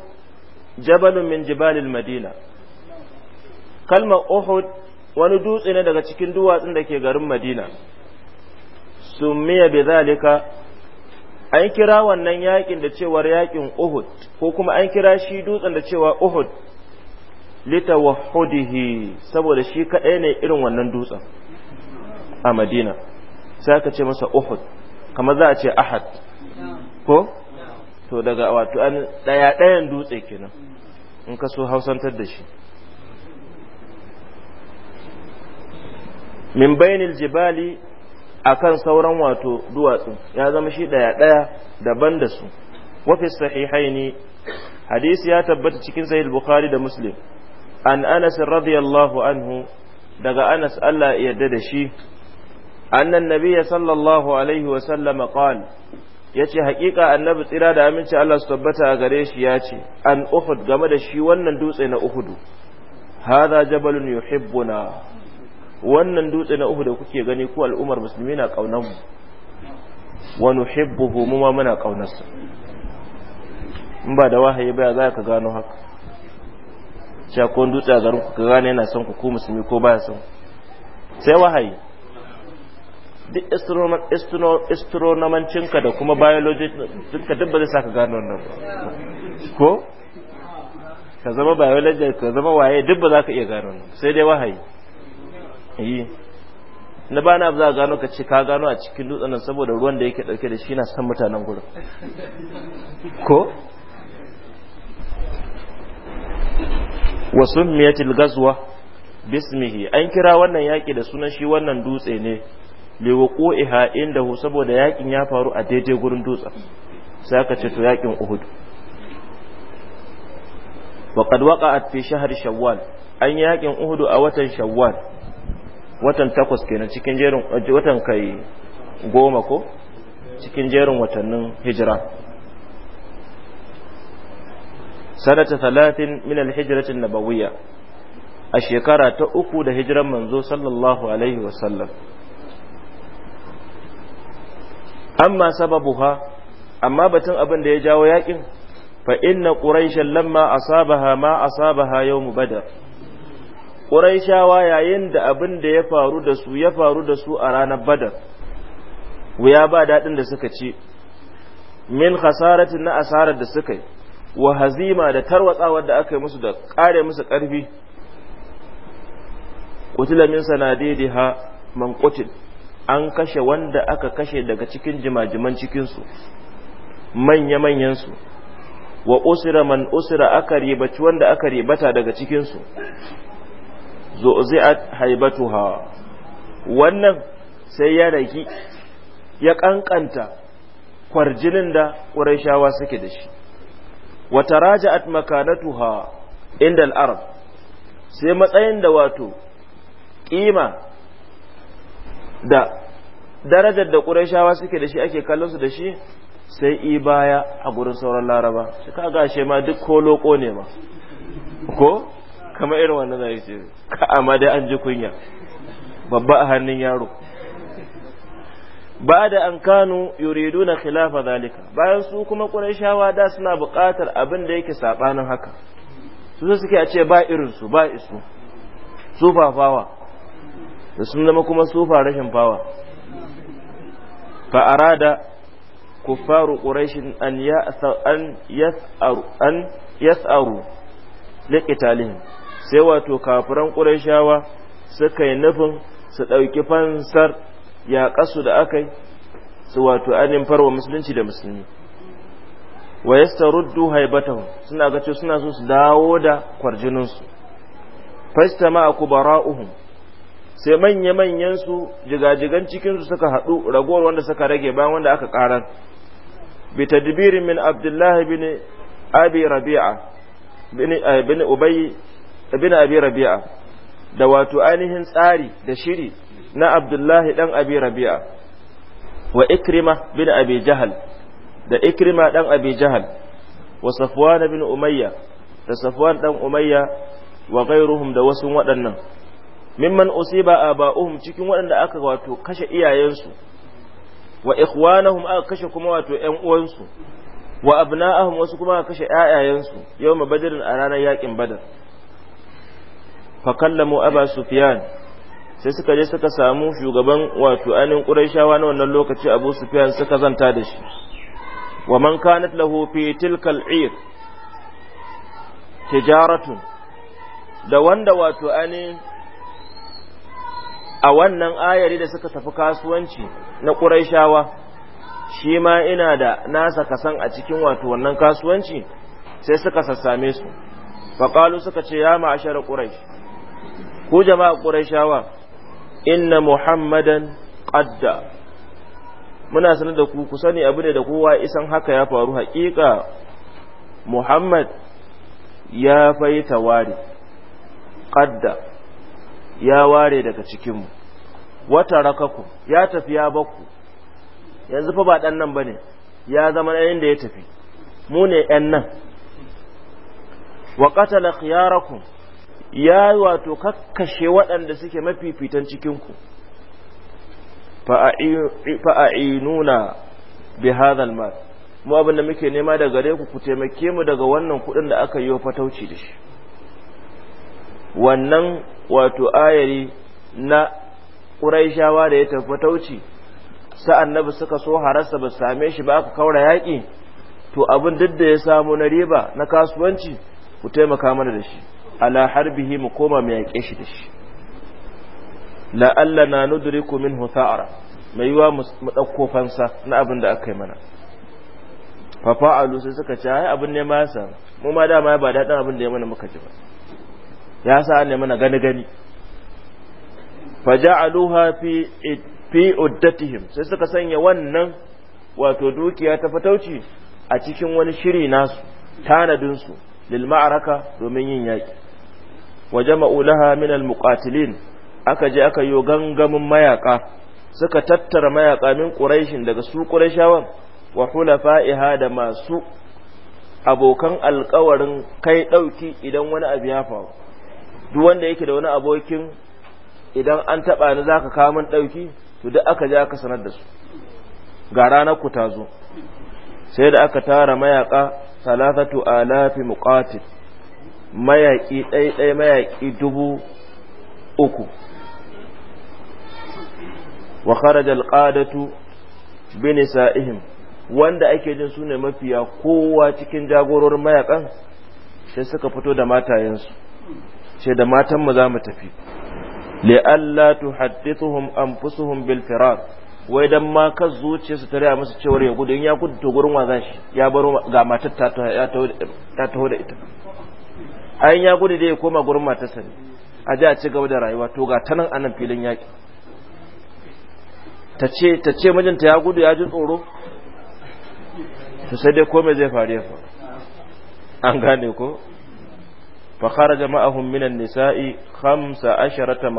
jabalun min jibalil madina kalmar uhud wani dutse ne daga cikin duwatsun da ke garin madina sumiya bi zalika an kira wannan yaƙin da cewar yaƙin uhud ko kuma an kira shi dutsen da cewa uhud lita litawahhudihi saboda shi kaɗai ne irin wannan dutsen a madina sai aka ce masa uhud kamar za a ce ahad ko to daga wato an daya dayan dutse kenan in ka so hausantar da shi min bainil jibali akan sauran wato duwatsu ya zama shi daya daya daban da su wafi fi sahihaini hadisi ya tabbata cikin sahih bukhari da muslim an anas radiyallahu anhu daga anas Allah ya yarda da shi annan النبي sallallahu alaihi wa sallama قال yace hakika annabi tsira da aminci Allah su tabbata a gare shi yace an uhud game da shi wannan dutse na uhudu hadha jabalun yuhibbuna wannan dutse na uhudu kuke gani ku al'ummar musulmi na kaunar mu muna kaunar in ba da wahayi baya za ka gano haka ko dutse a garin ku ka gane yana son ku ko musulmi ko baya son sai wahayi duk astronomancinka da kuma biologicinka duk ba zai saka gano wannan ba ko ka zama biologist ka zama waye duk ba za ka iya gano sai dai wahayi yi na bana za a gano ka ce ka gano a cikin dutsen saboda ruwan da yake dauke da shi na san mutanen gurin ko wasu miyatil gazuwa bismihi an kira wannan yaƙi da sunan shi wannan dutse ne liwuqu'iha indahu saboda yakin ya faru a daidai gurin dutsen sai aka ce to yakin Uhud wa qad waqa'at fi shahr shawwal an yakin Uhud a watan shawwal watan takwas kenan cikin jerin watan kai goma ko cikin jerin watannin hijira sanata 30 min al-hijrati an-nabawiyya a shekara ta uku da hijiran manzo sallallahu alaihi wa sallam. amma sababuha amma batun abin da ya jawo yakin fa inna quraishan lamma asabaha ma asabaha yawm badr quraishawa yayin da abin da ya faru da su ya faru da su a ranar badar wuya ba dadin da suka ci min khasaratin na asarar da suka wa hazima da tarwatsawar da aka yi musu da kare musu karfi qutila min sanadidiha man qutil an kashe wanda aka kashe daga cikin jimajiman cikinsu manya-manyansu wa usira man usira aka ribaci wanda aka ribata daga cikinsu zo'zi'at haibatuha wannan sai ya raki ya kankanta kwarjinin da ƙurashawa suke da shi wata raja'at makanatuha inda al'arab sai matsayin da wato ƙima da darajar da ƙurashawa suke da shi ake kallon su da shi sai i baya a gurin sauran laraba shi ka gashe ma duk ko loko ne ma ko kama irin wannan zai ce ka amma dai an ji kunya babba a hannun yaro ba da an kanu yuridu na khilafa zalika bayan su kuma ƙurashawa da suna buƙatar abin da yake saɓanin haka su suke a ce ba irinsu ba isu su fafawa da sun zama kuma sufa rashin fawa fa'arada ku faru ƙurashin an yas aru likita lihin sai wato kafuren ƙurashawa su kai nufin su ɗauki fansar ya ƙasu da akai yi su wato abin farwa musulunci da musulmi. waye su tauruddu suna gan suna so su dawo da kwarjinansu fash ta ma sai manya-manyan su jigajigan cikin su suka haɗu ragowar wanda suka rage bayan wanda aka karar. bi tadbirin min abdullahi bin abi rabi'a eh, bin ubay bin abi rabi'a da wato ainihin tsari da shiri na abdullahi dan abi rabi'a wa ikrima bin abi jahal da ikrima dan abi jahal wa safwan bin umayya da safwan dan umayya wa gairuhum da wasu waɗannan mimman usiba aba'uhum cikin waɗanda aka wato kashe iyayensu wa ikhwanahum aka kashe kuma wato ƴan uwansu wa abna'ahum wasu kuma aka kashe ƴaƴayensu ma badrin a ranar yakin badar fa kallamu aba sufyan sai suka je suka samu shugaban wato anin quraishawa na wannan lokaci abu sufyan suka zanta da shi wa man kanat lahu fi tilkal ir tijaratun da wanda wato anin a wannan ayari da suka tafi kasuwanci na ƙuraishawa shi ma ina da nasa kasan a cikin wato wannan kasuwanci sai suka sassame su faƙalu suka ce ya ma'ashar ƙuraish ku jama'a ƙuraishawa inna muhammadan ƙadda muna sanar da ku ku sani abu ne da kowa isan haka ya faru haƙiƙa muhammad ya fai tawari ƙadda ya ware daga cikinmu wata rakaku ya tafi ya bakku yanzu fa ba dan nan bane ya zama ɗayan da ya tafi mu ne ‘yan nan wa qatala khiyarakum ya wato kakkashe waɗanda suke mafifitan cikinku a'inuna bi hadhal mal mu abin muke nema daga gare ku ku taimake mu daga wannan kuɗin da aka yi wa fatauci da shi wannan wato ayari na ƙuraishawa da ya tafi tauci sa'an ba suka so harasa ba same shi ba aka kaura yaƙi to abin duk da ya samu na riba na kasuwanci ku taimaka mana da shi ala harbihi mu koma mai yaƙe shi da shi la'alla na nudriku min husa'ara mai yiwa mu ɗauko fansa na abin da aka yi mana fafa'alu sai suka ce ai abin ne ma ya samu mu ma dama ba daɗin abin da ya mana muka ji ba ya sa ne mana gani gani faja'aluha fi fi uddatihim sai suka sanya wannan wato dukiya ta fatauci a cikin wani shiri nasu tanadin su lil ma'araka domin yin yaki jama'u laha min al muqatilin aka je aka yo gangamin mayaka suka tattara mayaka min quraishin daga su quraishawan wa hulafa'iha da masu abokan alkawarin kai dauki idan wani abu ya faru duk wanda yake da wani abokin idan an taba ni zaka kawo min dauki to duk aka ja ka sanar da su ga ranar ku ta sai da aka tara mayaka salafatu alafi muqatil mayaki ɗaiɗai mayaki dubu uku wa kharaja alqadatu bi nisa'ihim wanda ake jin sune mafiya kowa cikin jagororin mayakan sai suka fito da matayensu ce da matan mu za mu tafi li'alla tuhaddithuhum anfusuhum bil firar wai dan ma ka zuciya su tare musu cewar ya gudu in ya gudu to gurin wa zashi ya baro ga matar ta ta taho da ita ayin ya gudu da ya koma gurin sa ne a ji a ci gaba da rayuwa to ga tanan anan filin yaki ta ce ta ce mijinta ya gudu ya ji tsoro to sai dai komai zai faru ya faru an gane ko فخرج معهم من النساء nisa'i khamsa asharata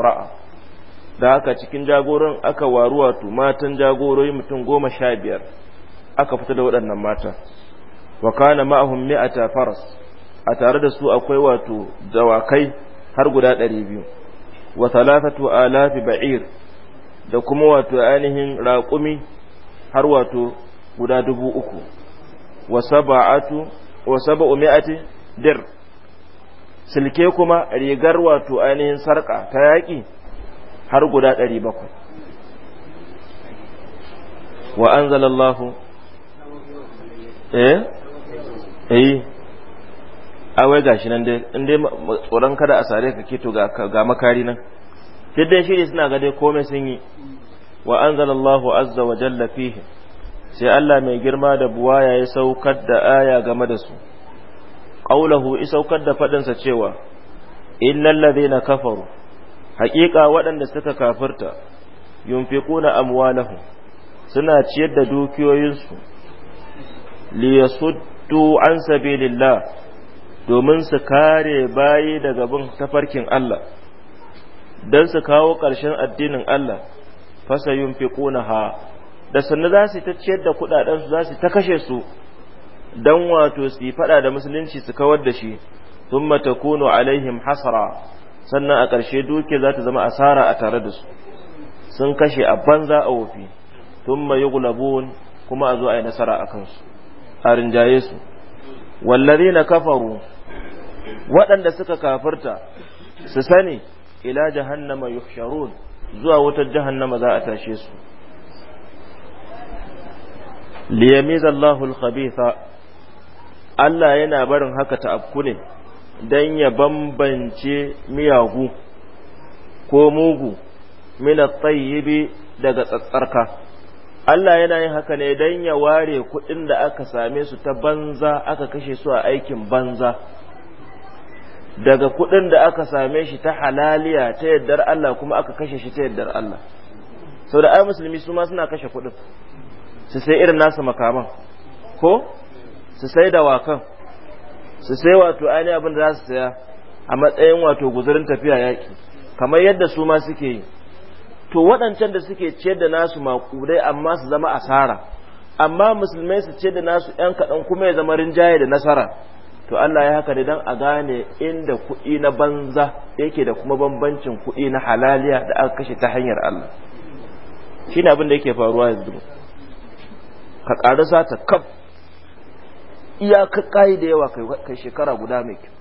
da haka cikin jagoran aka waru wato matan jagorori mutum goma sha biyar aka fita da waɗannan mata wa kana ma'ahum mi'ata faras a tare da su akwai wato dawakai har guda ɗari biyu wa a alafi ba'ir da kuma wato ainihin raƙumi har wato guda dubu uku wa saba'atu wa saba'u mi'ati dir silke kuma rigar wato ainihin sarka ta yaƙi har guda ɗari bakwai wa an zalallahu eh eh awai gashi nan dai inda tsoron kada a sare ka keto ga makari nan duk shi ne suna ga dai komai sun yi wa an zalallahu azza wa jalla sai Allah mai girma da buwa ya saukar da aya game da su qaulahu isaukar da fadin sa cewa illal ladina kafaru haƙiƙa waɗanda suka kafirta yunfiquna amwalahum suna ciyar da dukiyoyinsu li yasuddu an sabilillah domin su kare bayi daga bin tafarkin Allah dan su kawo ƙarshen addinin Allah fasa yunfiquna ha da sannan za su ta ciyar da kudaden su za su ta kashe su dan wato su fada da musulunci su kawar da shi mata takunu alaihim hasara sannan a ƙarshe duke za ta zama asara a tare da su sun kashe a banza a wofi thumma yughlabun kuma a zo a yi nasara a kansu a rinjaye su na kafaru waɗanda suka kafarta su sani ila jahannama yuhsharun zuwa wutar jahannama za a tashe su liyamiza Allahul khabitha Allah yana barin haka ta'afku ne don ya bambance miyagu ko mugu mina daga tsatsarka Allah yana yin haka ne don ya ware kuɗin da aka same su ta banza aka kashe su a aikin banza daga kuɗin da aka same shi ta halaliya ta yaddar Allah kuma aka kashe shi ta yaddar Allah sau da ai musulmi su ma suna kashe kuɗin su sai irin nasu makaman ko su sai da wakan su sai wato ainihin abin da za su saya a matsayin wato guzurin tafiya yaƙi kamar yadda su ma suke yi to waɗancan da suke ciyar da nasu maƙudai amma su zama asara amma musulmai su ciyar da nasu ‘yan kaɗan kuma ya zama rinjaye da nasara to Allah ya haka ne dan a gane inda kuɗi na banza yake da kuma bambancin kuɗi na halaliya da aka kashe ta hanyar Allah shine abin da yake faruwa yanzu ka ƙarasa ta kaf iya kai da yawa kai shekara guda mai kyau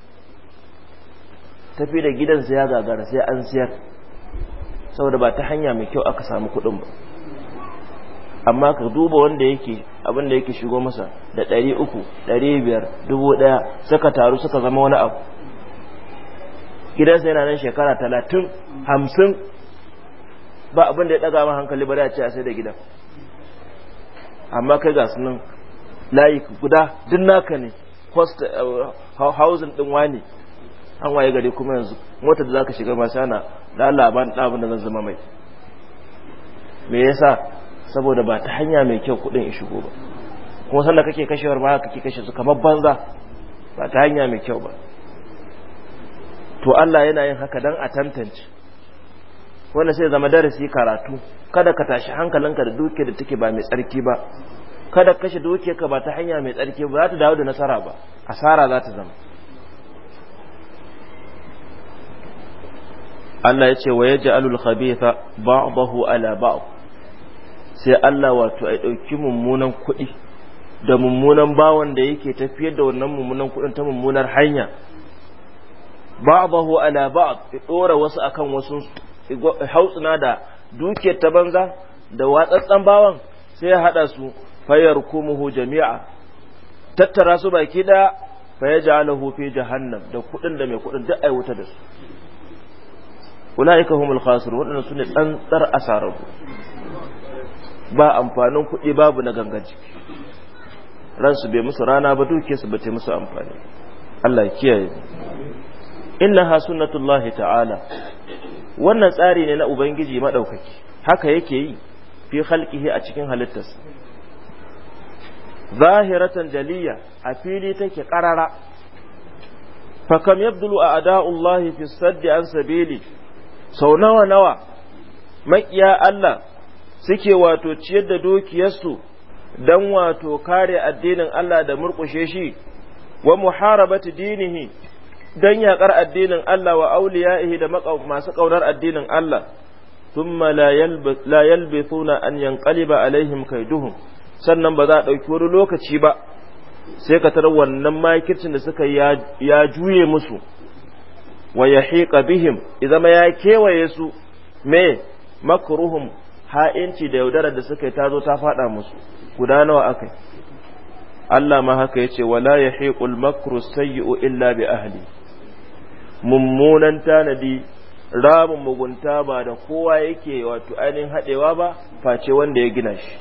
tafi da gidansa ya gagara sai an siyar saboda ba ta hanya mai kyau aka samu kuɗin ba amma ka duba wanda yake abin da yake shigo masa da ɗari uku ɗari biyar dubu ɗaya suka taru suka zama wani abu gidansa yana nan shekara talatin hamsin ba abin da ya ɗaga ma hankali ba da ce a sai da gidan amma kai ga sunan layi guda duk naka ne hausin eh, din wani an waye gari kuma yanzu motar da zaka shiga masu yana lalaban ɗabin da zan zama mai me yasa saboda ba ta hanya mai kyau kudin ya shigo ba kuma sanda kake kashewar ba kake kashe su kamar banza ba ta hanya mai kyau ba to Allah yana yin haka dan a tantance wanda sai zama darasi karatu kada ka tashi hankalinka da duke da take ba mai tsarki ba kada kashe ka ba ta hanya mai tsarki ba za ta dawo da nasara ba asara za ta zama Allah ya ce wa ya ja'alul khabitha ba'dahu ala ba'd sai Allah wato ya dauki mummunan kuɗi da mummunan bawon da yake tafiyar da wannan mummunan kuɗin ta mummunar hanya ba'dahu ala ba'd ya dora wasu akan wasu hautsina da dukiyar ta banza da watsatsan bawon sai ya hada su fayarkumuhu jami'a tattara su baki da fayaj'aluhu fi jahannam da kudin da mai kudin duk ai wuta da su ulaika humul khasirun wadannan sune tsantsar asarar ba amfanin kudi babu na gangaji ransu bai musu rana ba duke su bata musu amfani Allah kiyaye innaha sunnatullahi ta'ala wannan tsari ne na ubangiji madaukaki haka yake yi fi khalqihi a cikin halittarsa zahiratan jaliya a fili take karara fa kam yabdulu a ada'ullahi fi saddi an sabili sau nawa nawa makiya Allah suke wato ciyar da dokiyarsu don wato kare addinin Allah da murƙushe shi wa muharabati dinihi don yaƙar addinin Allah wa auliya'ihi da masu ƙaunar addinin Allah thumma la yalbithuna an yanqaliba alaihim duhu. sannan ba za a ɗauki wani lokaci ba sai ka tarar wannan makircin da suka ya juye musu wa ya hiƙa bihim izama ya kewaye su me makuruhun ha'inci da yaudarar da suka yi ta zo ta faɗa musu guda nawa yi Allah ma haka ya ce wala ya hiƙul sai yi illa bi ahli mummunan tanadi ramin mugunta ba da kowa yake wato ainihin haɗewa ba face wanda ya gina shi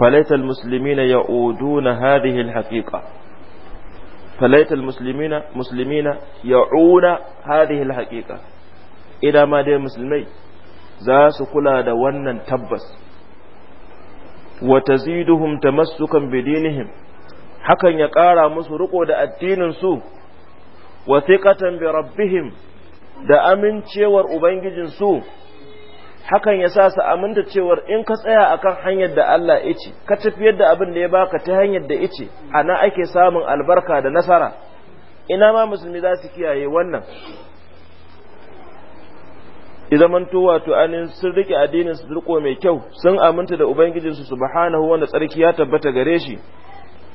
فليت المسلمين يعودون هذه الحقيقة فليت المسلمين مسلمين يعون هذه الحقيقة إلى ما دي مسلمي زاس كلا دوانا تبس وتزيدهم تمسكا بدينهم حكا يقارى مسرقوا دا الدين سوء وثقة بربهم da amincewar Ubangijinsu hakan ya sa su aminta cewar in ka tsaya akan hanyar da Allah ya ce ka tafiyar da abin da ya baka ta hanyar da ya ce ana ake samun albarka da nasara ina ma musulmi za su kiyaye wannan to wato anin sun rike addinin su riko mai kyau sun aminta da ubangijinsu subhanahu wanda tsarki ya tabbata gare shi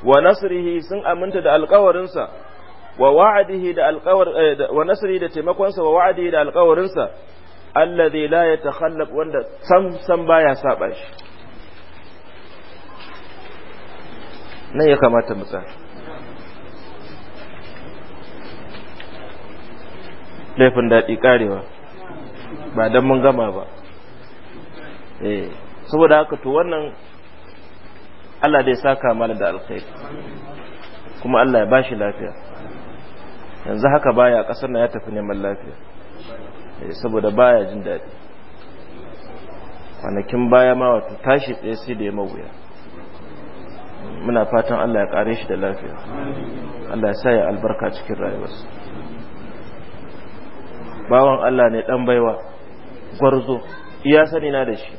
wa nasrihi sun aminta da sa wa wa'adihi da alƙawar eh, wa nasri da taimakonsa wa wa'adihi da sa allazi la yatakhallaq wanda sam sam baya saba shi nan ya kamata mu tsaya laifin daɗi karewa ba dan mun gama ba eh saboda haka to wannan Allah dai saka mana da alkhairi kuma Allah ya bashi lafiya yanzu haka baya ƙasar na ya tafi neman lafiya Eh, saboda baya jin daɗi kwanakin baya ma wato tashi tsaye sai da ya mawuya muna fatan Allah ya kare shi da lafiya Allah ya sa albarka cikin rayuwarsa bawan Allah ne ɗan baiwa gwarzo iya sani na da shi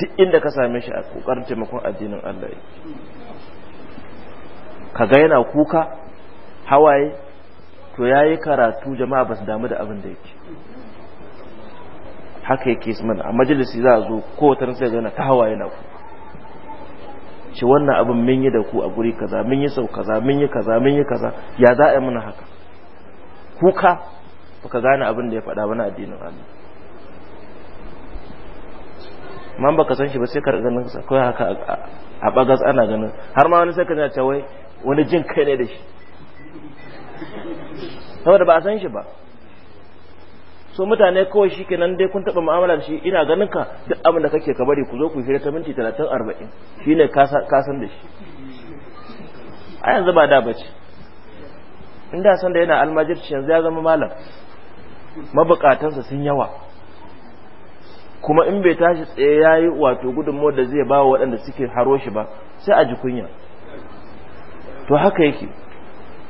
duk inda ka same shi a kokarin taimakon addinin Allah yake kaga yana kuka hawaye to yayi karatu jama'a basu damu da abin da yake haka yake mana a majalisi za a zo kowatar sai zana ta hawa yana ku ce wannan abin mun yi da ku a guri kaza mun yi sau kaza mun yi kaza mun yi kaza ya za a yi mana haka kuka baka gane abin da ya faɗa wani addinin Allah man baka san shi ba sai ka ganin sa kawai haka a bagas ana ganin har ma wani sai ka a wai wani jin kai ne da shi saboda ba a san shi ba so mutane kawai shi kenan dai kun taba mu'amala shi ina ganin ka duk abin da kake ka bari ku zo ku hira ta minti talatin arba'in shi ne ka san da shi a yanzu ba da bace in da san da yana almajirci yanzu ya zama malam mabukatansa sun yawa kuma in bai tashi tsaye yayi wato gudunmu da zai ba waɗanda suke haro shi ba sai a ji kunya to haka yake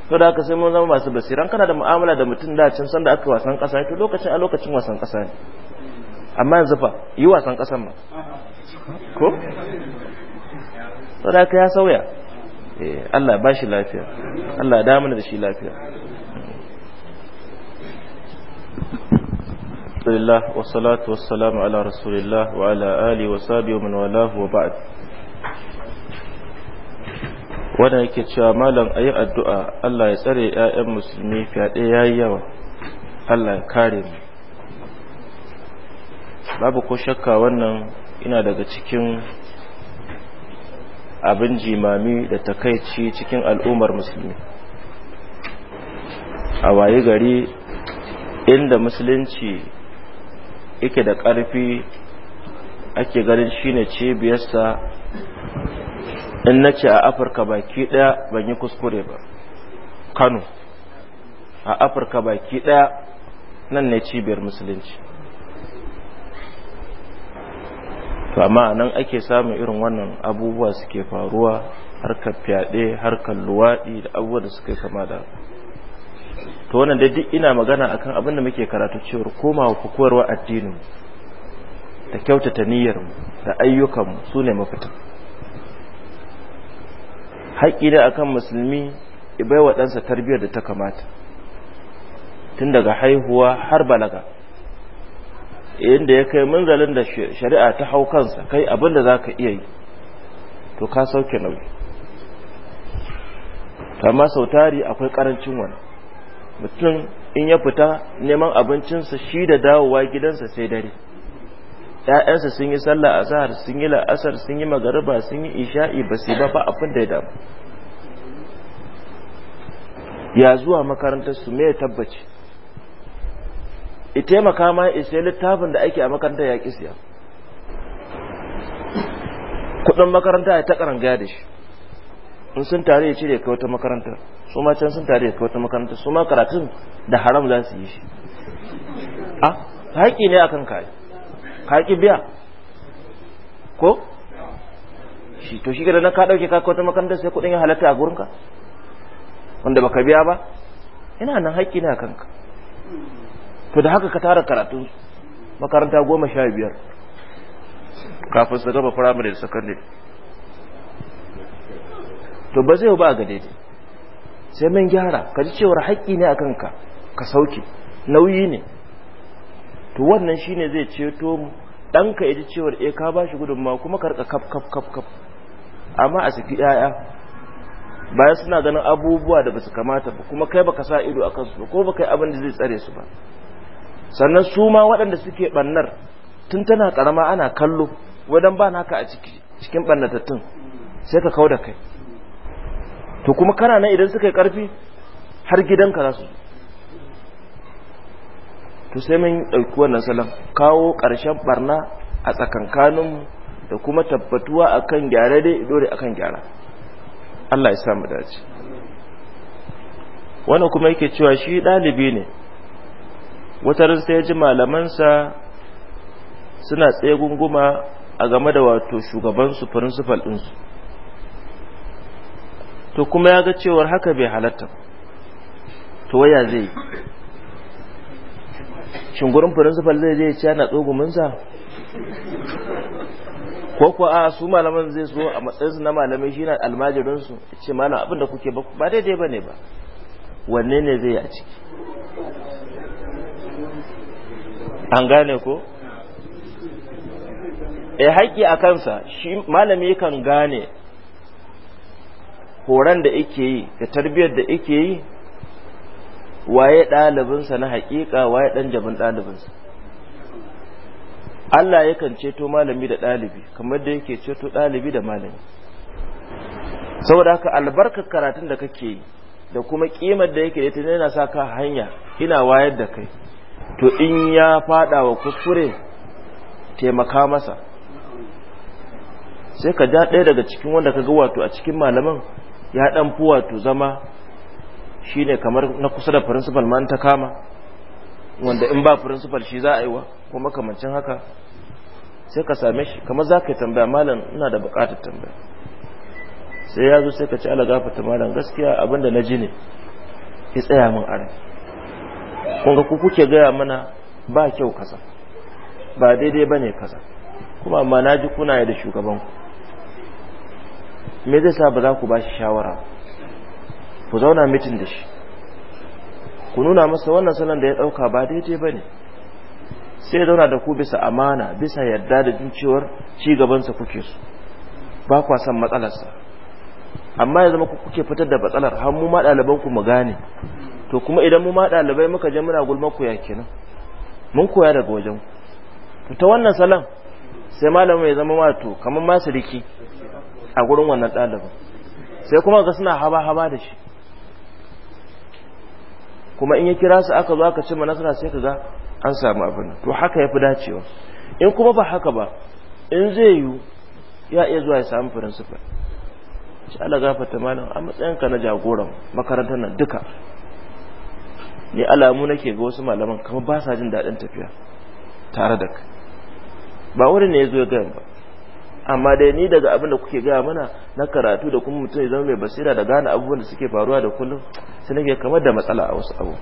to da haka sai mun zama masu basiran kana da mu'amala da mutum da can sanda aka wasan kasa to lokacin a lokacin wasan kasa ne amma yanzu fa yi wasan kasan ma ko to da haka ya sauya eh Allah ba shi lafiya Allah da mana da shi lafiya Alhamdulillah wassalatu wassalamu ala rasulillah wa ala alihi wa sahbihi wa man walahu wa ba'd wanda yake cewa malam ayi addu'a Allah ya tsare 'ya'yan musulmi fyaɗe yayi yawa Allah ya kare mu babu ko shakka wannan ina daga cikin abin jimami da takaici cikin al'ummar musulmi a waye gari inda musulunci yake da ƙarfi ake ganin shine cibiyarsa in na ce a afirka baki daya ban yi kuskure ba kano a afirka baki daya nan ne cibiyar musulunci to amma nan ake samun irin wannan abubuwa suke faruwa harkar fyaɗe harkar luwaɗi da abubuwa da suka kama da to wannan da duk ina magana akan abin da muke karatu cewar komawa wa addinin da kyautata niyyarmu da ayyukanmu su ne mafita haƙƙi da akan musulmi bai wa ɗansa tarbiyyar da ta kamata tun daga haihuwa har balaga inda ya kai munzalin da shari'a ta hau kansa kai abin da za ka iya yi to ka sauke nauyi amma sau tari akwai ƙarancin wani mutum in ya fita neman abincinsa shi da dawowa gidansa sai dare ƴaƴansa sun yi sallah a sahar sun yi la'asar sun yi magariba sun yi isha'i ba su ba ba abin da ya damu ya zuwa makarantar su mai tabbaci i taimaka ma isai littafin da ake a makarantar ya kisiya kudin makaranta ya takarar gadi da shi in sun tare ya cire kawata makaranta su ma can sun tare ya kawata makaranta su ma karatun da haram za su yi shi ah, a haƙi ne akan kai ka ki biya ko shi to shi ga nan ka dauke ka ta makarantar sai kudin ya halatta a gurinka wanda baka biya ba ina nan haƙƙi ne a kanka to da haka ka tara karatun makaranta goma sha biyar kafin su gaba firamare da sakandare to ba zai ba ga daidai sai mun gyara ka ji cewar haƙƙi ne a kanka ka sauke nauyi ne to wannan shine zai ceto mu Dan ka cewar e ka ba gudunma kuma karka kaf kaf kaf kaf amma a saki yaya bayan suna ganin abubuwa da basu kamata ba kuma kai baka sa ido akan su, ko baka yi abin da zai tsare su ba sannan su ma waɗanda suke bannar tun tana karama ana kallo wadan ba naka a ciki, cikin bannatattun sai ka kau da kai to kuma kana nan idan suka yi ƙarfi har gidanka za su zo. to sai mun ɗauki wannan salon kawo ƙarshen barna a tsakankanin da kuma tabbatuwa akan gyara dai dole akan gyara Allah ya mu dace wannan kuma yake cewa shi dalibi ne watarin sai ya ji malamansa suna tsaye gunguma a game da wato shugabansu principal su. to kuma ya ga cewar haka bai halatta to waya zai shin gurin principal zai je ci yana tsoguminsa ko ko a su malaman zai so a matsayinsu na malamai shi na almajirinsu ce malam abin da kuke ba daidai ba ne ba wanne ne zai a ciki an gane ko e haƙƙi a kansa shi malami kan gane horon da ike yi da tarbiyyar da ike yi waye ɗalibinsa na haƙiƙa waye ɗan jabin ɗalibinsa Allah yakan ceto malami da ɗalibi kamar da yake ceto ɗalibi da malami saboda haka albarkar karatun da kake yi da kuma ƙimar da yake da ita yana sa ka hanya ina wayar da kai to in ya fada wa kuskure taimaka masa sai ka ja ɗaya daga cikin wanda ka ga wato a cikin malaman ya ɗan fi wato zama Shi ne kamar na kusa da principal man ta kama wanda in ba principal shi za a yi wa ko makamancin haka sai ka same shi kamar za ka yi tambaya malam ina da bukatar tambaya sai ya zo sai ka ci ala gafata malam gaskiya abinda na ji ne ya tsaya min ari. kunga ku kuke gaya mana ba kyau kasa ba daidai ba ne kasa kuma ma na ji kuna da shugabanku me zai sa ba za ku ba shi shawara ku zauna mitin da shi ku nuna masa wannan sanan da ya ɗauka ba daidai ba ne sai ya zauna da ku bisa amana bisa yarda da jin ci gabansa kuke su ba kwa san matsalarsa amma ya zama kuke fitar da matsalar har mu ma mu gane to kuma idan mu ma ɗalibai muka je muna gulma ku ya kenan mun koya daga wajen ku ta wannan salon sai malamu ya zama wato kamar masu riki a gurin wannan ɗaliban sai kuma ga suna haba-haba da shi kuma in ya kira su aka zo aka cimma nasara sai ka ga an samu abin to haka ya fi dacewa in kuma ba haka ba in zai yiwu ya iya zuwa ya samu firinsifal shi Allah gafarta malam a matsayinka na jagoran makarantar nan duka ni alamu nake ga wasu malaman kamar ba sa jin daɗin tafiya tare da ka ba wurin ne ya zo ya gaya ba amma dai ni daga abin da kuke gaya mana na karatu da kuma mutum ya zama mai basira da gane abubuwan da suke faruwa da kullum su nake kamar da matsala a wasu abu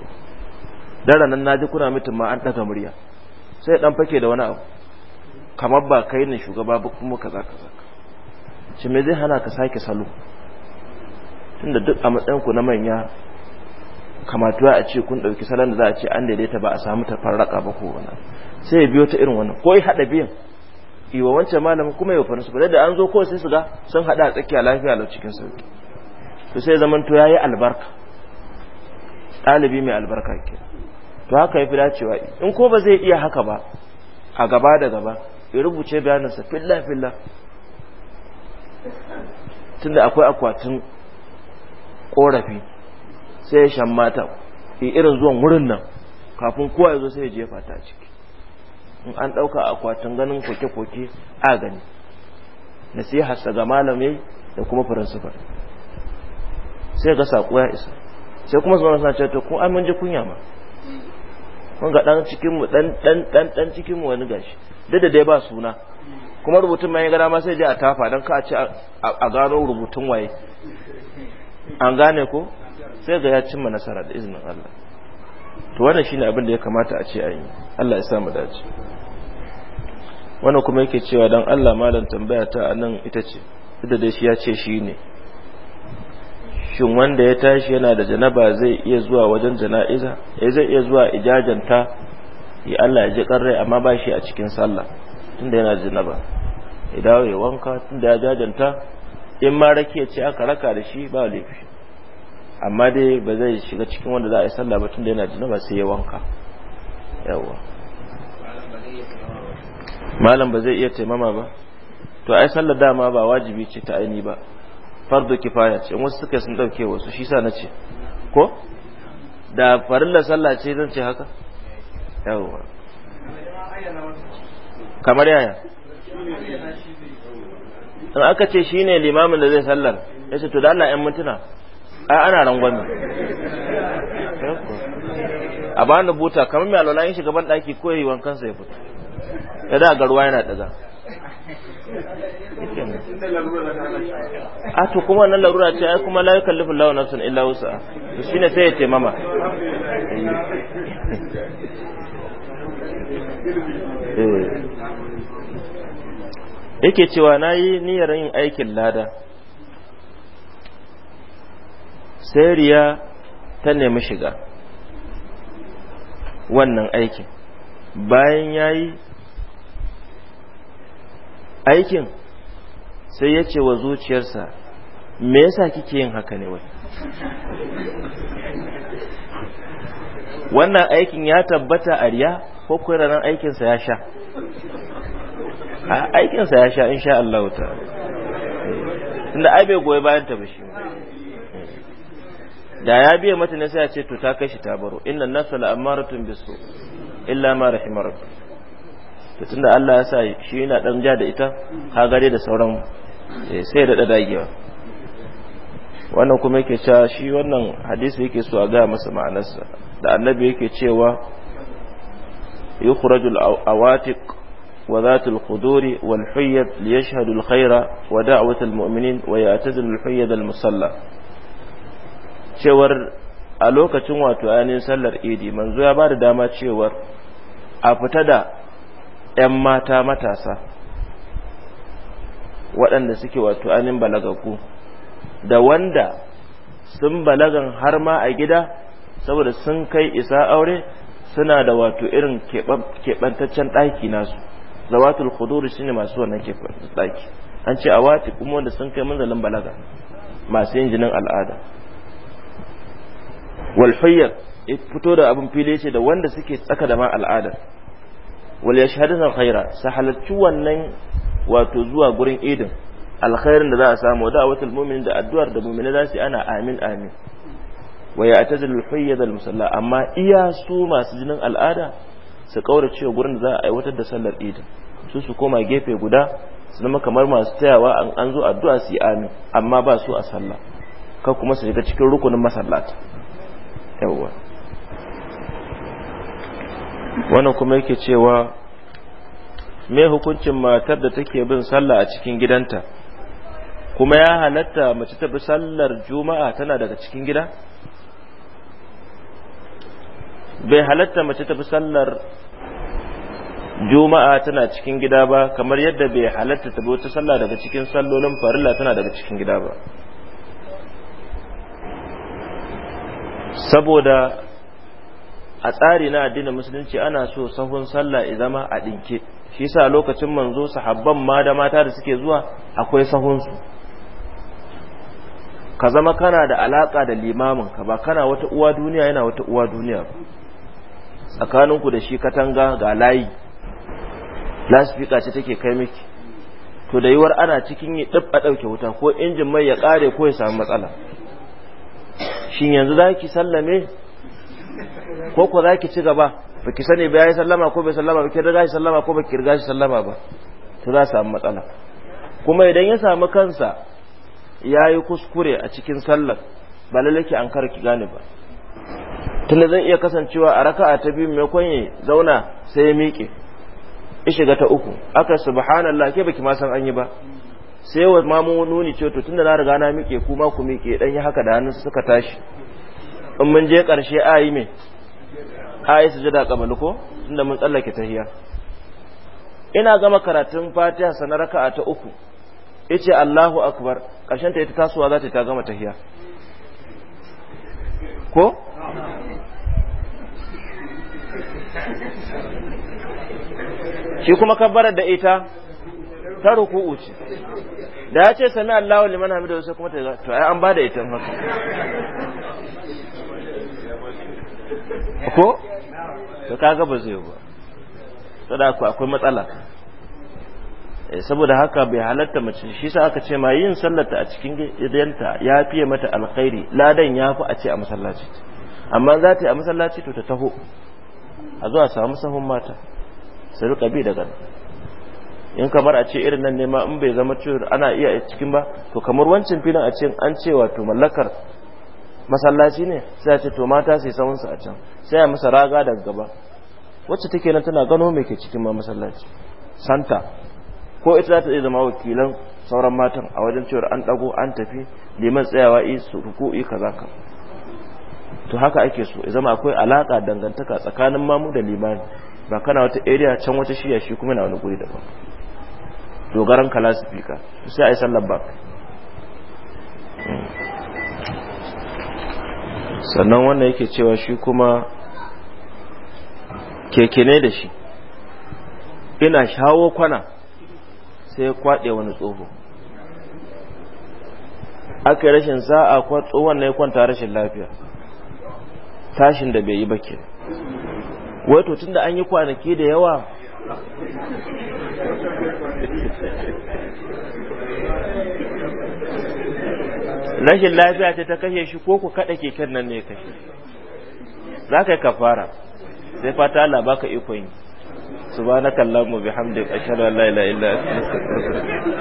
dara na ji kuna mutum ma an ɗaga murya sai dan fake da wani abu kamar ba kai ne shugaba ba kuma kaza kaza shi me zai hana ka sake salo tunda duk a matsayin ku na manya kamatuwa a ce kun ɗauki salon da za a ce an daidaita ba a samu tafarraka ba ko wani sai ya biyo ta irin wannan ko ya haɗa biyan wa wancan malamin kuma yau farin su da an zo ko sai su ga sun hada tsakiya lafiya lau cikin sauki to sai zaman to yayi albarka ɗalibi mai albarka ke to haka ya fi dacewa in ko ba zai iya haka ba a gaba da gaba ya rubuce bayanansa filla filla tunda akwai akwatin korafi sai ya shan mata irin zuwan wurin nan kafin kowa ya zo sai ya jefa ta ciki in an ɗauka akwatin ganin koke-koke a gani nasiharsa ga malamai da kuma firinsifal sai ga saƙo ya isa sai kuma sauran suna cewa to ko ai mun ji kunya ma kun ga dan cikin mu dan dan dan dan cikin mu wani gashi duk da dai ba suna kuma rubutun mai gara ma sai je a tafa dan ka a ci a gano rubutun waye an gane ko sai ga ya cimma nasara da izinin Allah to wannan shine abin da ya kamata a ce a yi Allah ya sa mu dace wannan kuma yake cewa dan Allah malam tambaya ta anan ita ce da dai shi ya ce shi ne. shin wanda ya tashi yana da janaba zai iya zuwa wajen jana'iza eh zai iya zuwa ijajanta ya Allah ya ji karrai amma ba shi a cikin sallah tunda yana janaba ya dawo ya wanka tunda ya jajanta in ma rake ce aka raka da shi ba laifi amma dai ba zai shiga cikin wanda za a yi sallah ba tunda yana janaba sai ya wanka yawa malam ba zai iya taimama ba to ai sallar dama ba wajibi ce ta aini ba fardu kifaya ce wasu suka sun dauke wasu shi sa nace ko da farilla sallah ce zan ce haka yawa kamar yaya in aka ce shine limamin da zai sallar yace to da Allah 'yan mutuna a ana rangwami a ba ni buta kamar mai alwala yin shugaban ɗaki ko yayi wankansa ya fito ya da garuwa yana ɗaga a to kuma nan larura ce ai kuma la yukallifu Allahu nafsan illa wusa to shine sai ya ce mama eh. yake cewa nayi niyyar yin aikin lada sai riya ta nemi shiga wannan aikin bayan ya yi aikin sai ya ce wa zuciyarsa me yasa kike yin haka ne wai wannan aikin ya tabbata a riya ko ranar aikinsa ya sha a aikinsa ya sha insha Allah ta eh, inda ai bai goyi bayan ta ba shi da ya biya mata ne sai ya ce to ta kai shi ta baro inna nafsa la'amaratun bisu illa ma rahima rabbuk to tunda Allah ya sa shi yana dan ja da ita ka gare da sauran eh, sai da dagewa wannan kuma yake cewa shi wannan hadisi yake so a ga masa ma'anarsa da annabi yake cewa yukhrajul awatiq wa zatul quduri wal huyyat liyashhadu al khaira wa da'watul mu'minin wa ya'tazilu al cewar a lokacin wato ainihin sallar idi manzo ya ba da dama cewar a fita da 'yan mata matasa waɗanda suke wato ainihin balagaku da wanda sun balagan har ma a gida saboda sun kai isa aure suna da wato irin keɓantaccen ɗaki nasu zawatul khuduri shine masu wannan keɓantaccen ɗaki an ce a wati kuma wanda sun kai manzalin balaga masu yin jinin al'ada wal ya fito da abin fili ce da wanda suke tsaka da ma al'ada wal yashhadun khaira sa halarci wannan wato zuwa gurin idin alkhairin da za a samu da watul mu'min da addu'ar da mu'mina za su ana amin amin wa ya'tazil al hayyad al musalla amma iya su masu jinin al'ada su cewa gurin da za a aiwatar da sallar idin su su koma gefe guda su zama kamar masu tayawa an an zo addu'a su yi amin amma ba su a sallah ka kuma su shiga cikin rukunin masallata yawwa wannan kuma yake cewa me hukuncin matar da take bin sallah a cikin gidanta kuma ya halatta mace ta bi sallar juma'a tana daga cikin gida bai halatta mace ta bi sallar juma'a tana cikin gida ba kamar yadda bai halatta ta bi wata sallah daga cikin sallolin farilla tana daga cikin gida ba saboda a tsari na addinin musulunci ana so sahun sallah ya zama a ɗinke shi sa lokacin manzo sahabban ma da mata da suke zuwa akwai sahunsu ka zama kana da alaƙa da limamin ka ba kana wata uwa duniya yana wata uwa duniya tsakaninku da shi katanga ga layi lasifika ce take kai miki to da yiwar ana cikin yi a ɗauke wuta ko injin mai ya kare ko ya samu matsala shin yanzu za ki sallame ko ko za ki ci gaba ba ki sani ba ya yi sallama ko bai sallama ba ki riga shi sallama ko ba ki riga shi sallama ba to za samu matsala kuma idan ya samu kansa ya yi kuskure a cikin sallar ba lalake an kar ki gane ba da zan iya kasancewa a raka'a ta biyu mai kwanye zauna sai ya miƙe ya shiga ta uku aka subhanallah ke baki ma san an yi ba sai wa mamu nuni ce to tunda na riga na mike kuma ku mike dan yi haka da su suka tashi in mun je karshe ayi me ayi sujada kabali ko tunda mun tsallake tahiyya ina gama karatun fatiha sanar a ta uku yace Allahu akbar karshen ta ita tasuwa za ta ta gama tahiyya ko shi kuma kabbarar da ita ta ruku'u uci da ya ce sami Allahu liman hamidu sai kuma ta to ai an bada ita haka ko to kaga ba zai ba ku akwai matsala eh, saboda haka bai halatta mace shi sa aka ce ma yin sallata a cikin gidanta ya fiye mata alkhairi ladan ya fi a ce a masallaci amma za ta yi a masallaci to ta taho a zuwa samu sahun mata su rika bi daga in kamar a ce irin nan ne ma in bai zama cewa ana iya cikin ba to kamar wancan filin a ce an ce wato mallakar masallaci ne sai a ce to mata sai sawun su a can sai a masa raga daga gaba wacce take nan tana gano me ke cikin ma masallaci santa ko ita za ta iya zama wakilan sauran matan a wajen cewar an dago an tafi liman tsayawa yi su ruku'i kaza ka to haka ake so ya zama akwai alaka dangantaka tsakanin mamu da limani ba kana wata area can wata shiya shi kuma na wani guri daban dogaran ka sai a yi sallar bak sannan wannan yake cewa shi kuma keke ne da shi ina shawo kwana sai kwaɗe wani tsoho aka yi rashin sa'a kwa tsohon na ya kwanta rashin lafiya tashin da bai yi bakin wato tun da an yi kwanaki da yawa rashin lafiya ce ta kashe shi ko ku kada keken nan ne kashe za ka yi kafara sai fata Allah baka ikon yi subhanakallahumma bihamdika ashhadu an la ilaha illa anta astaghfiruka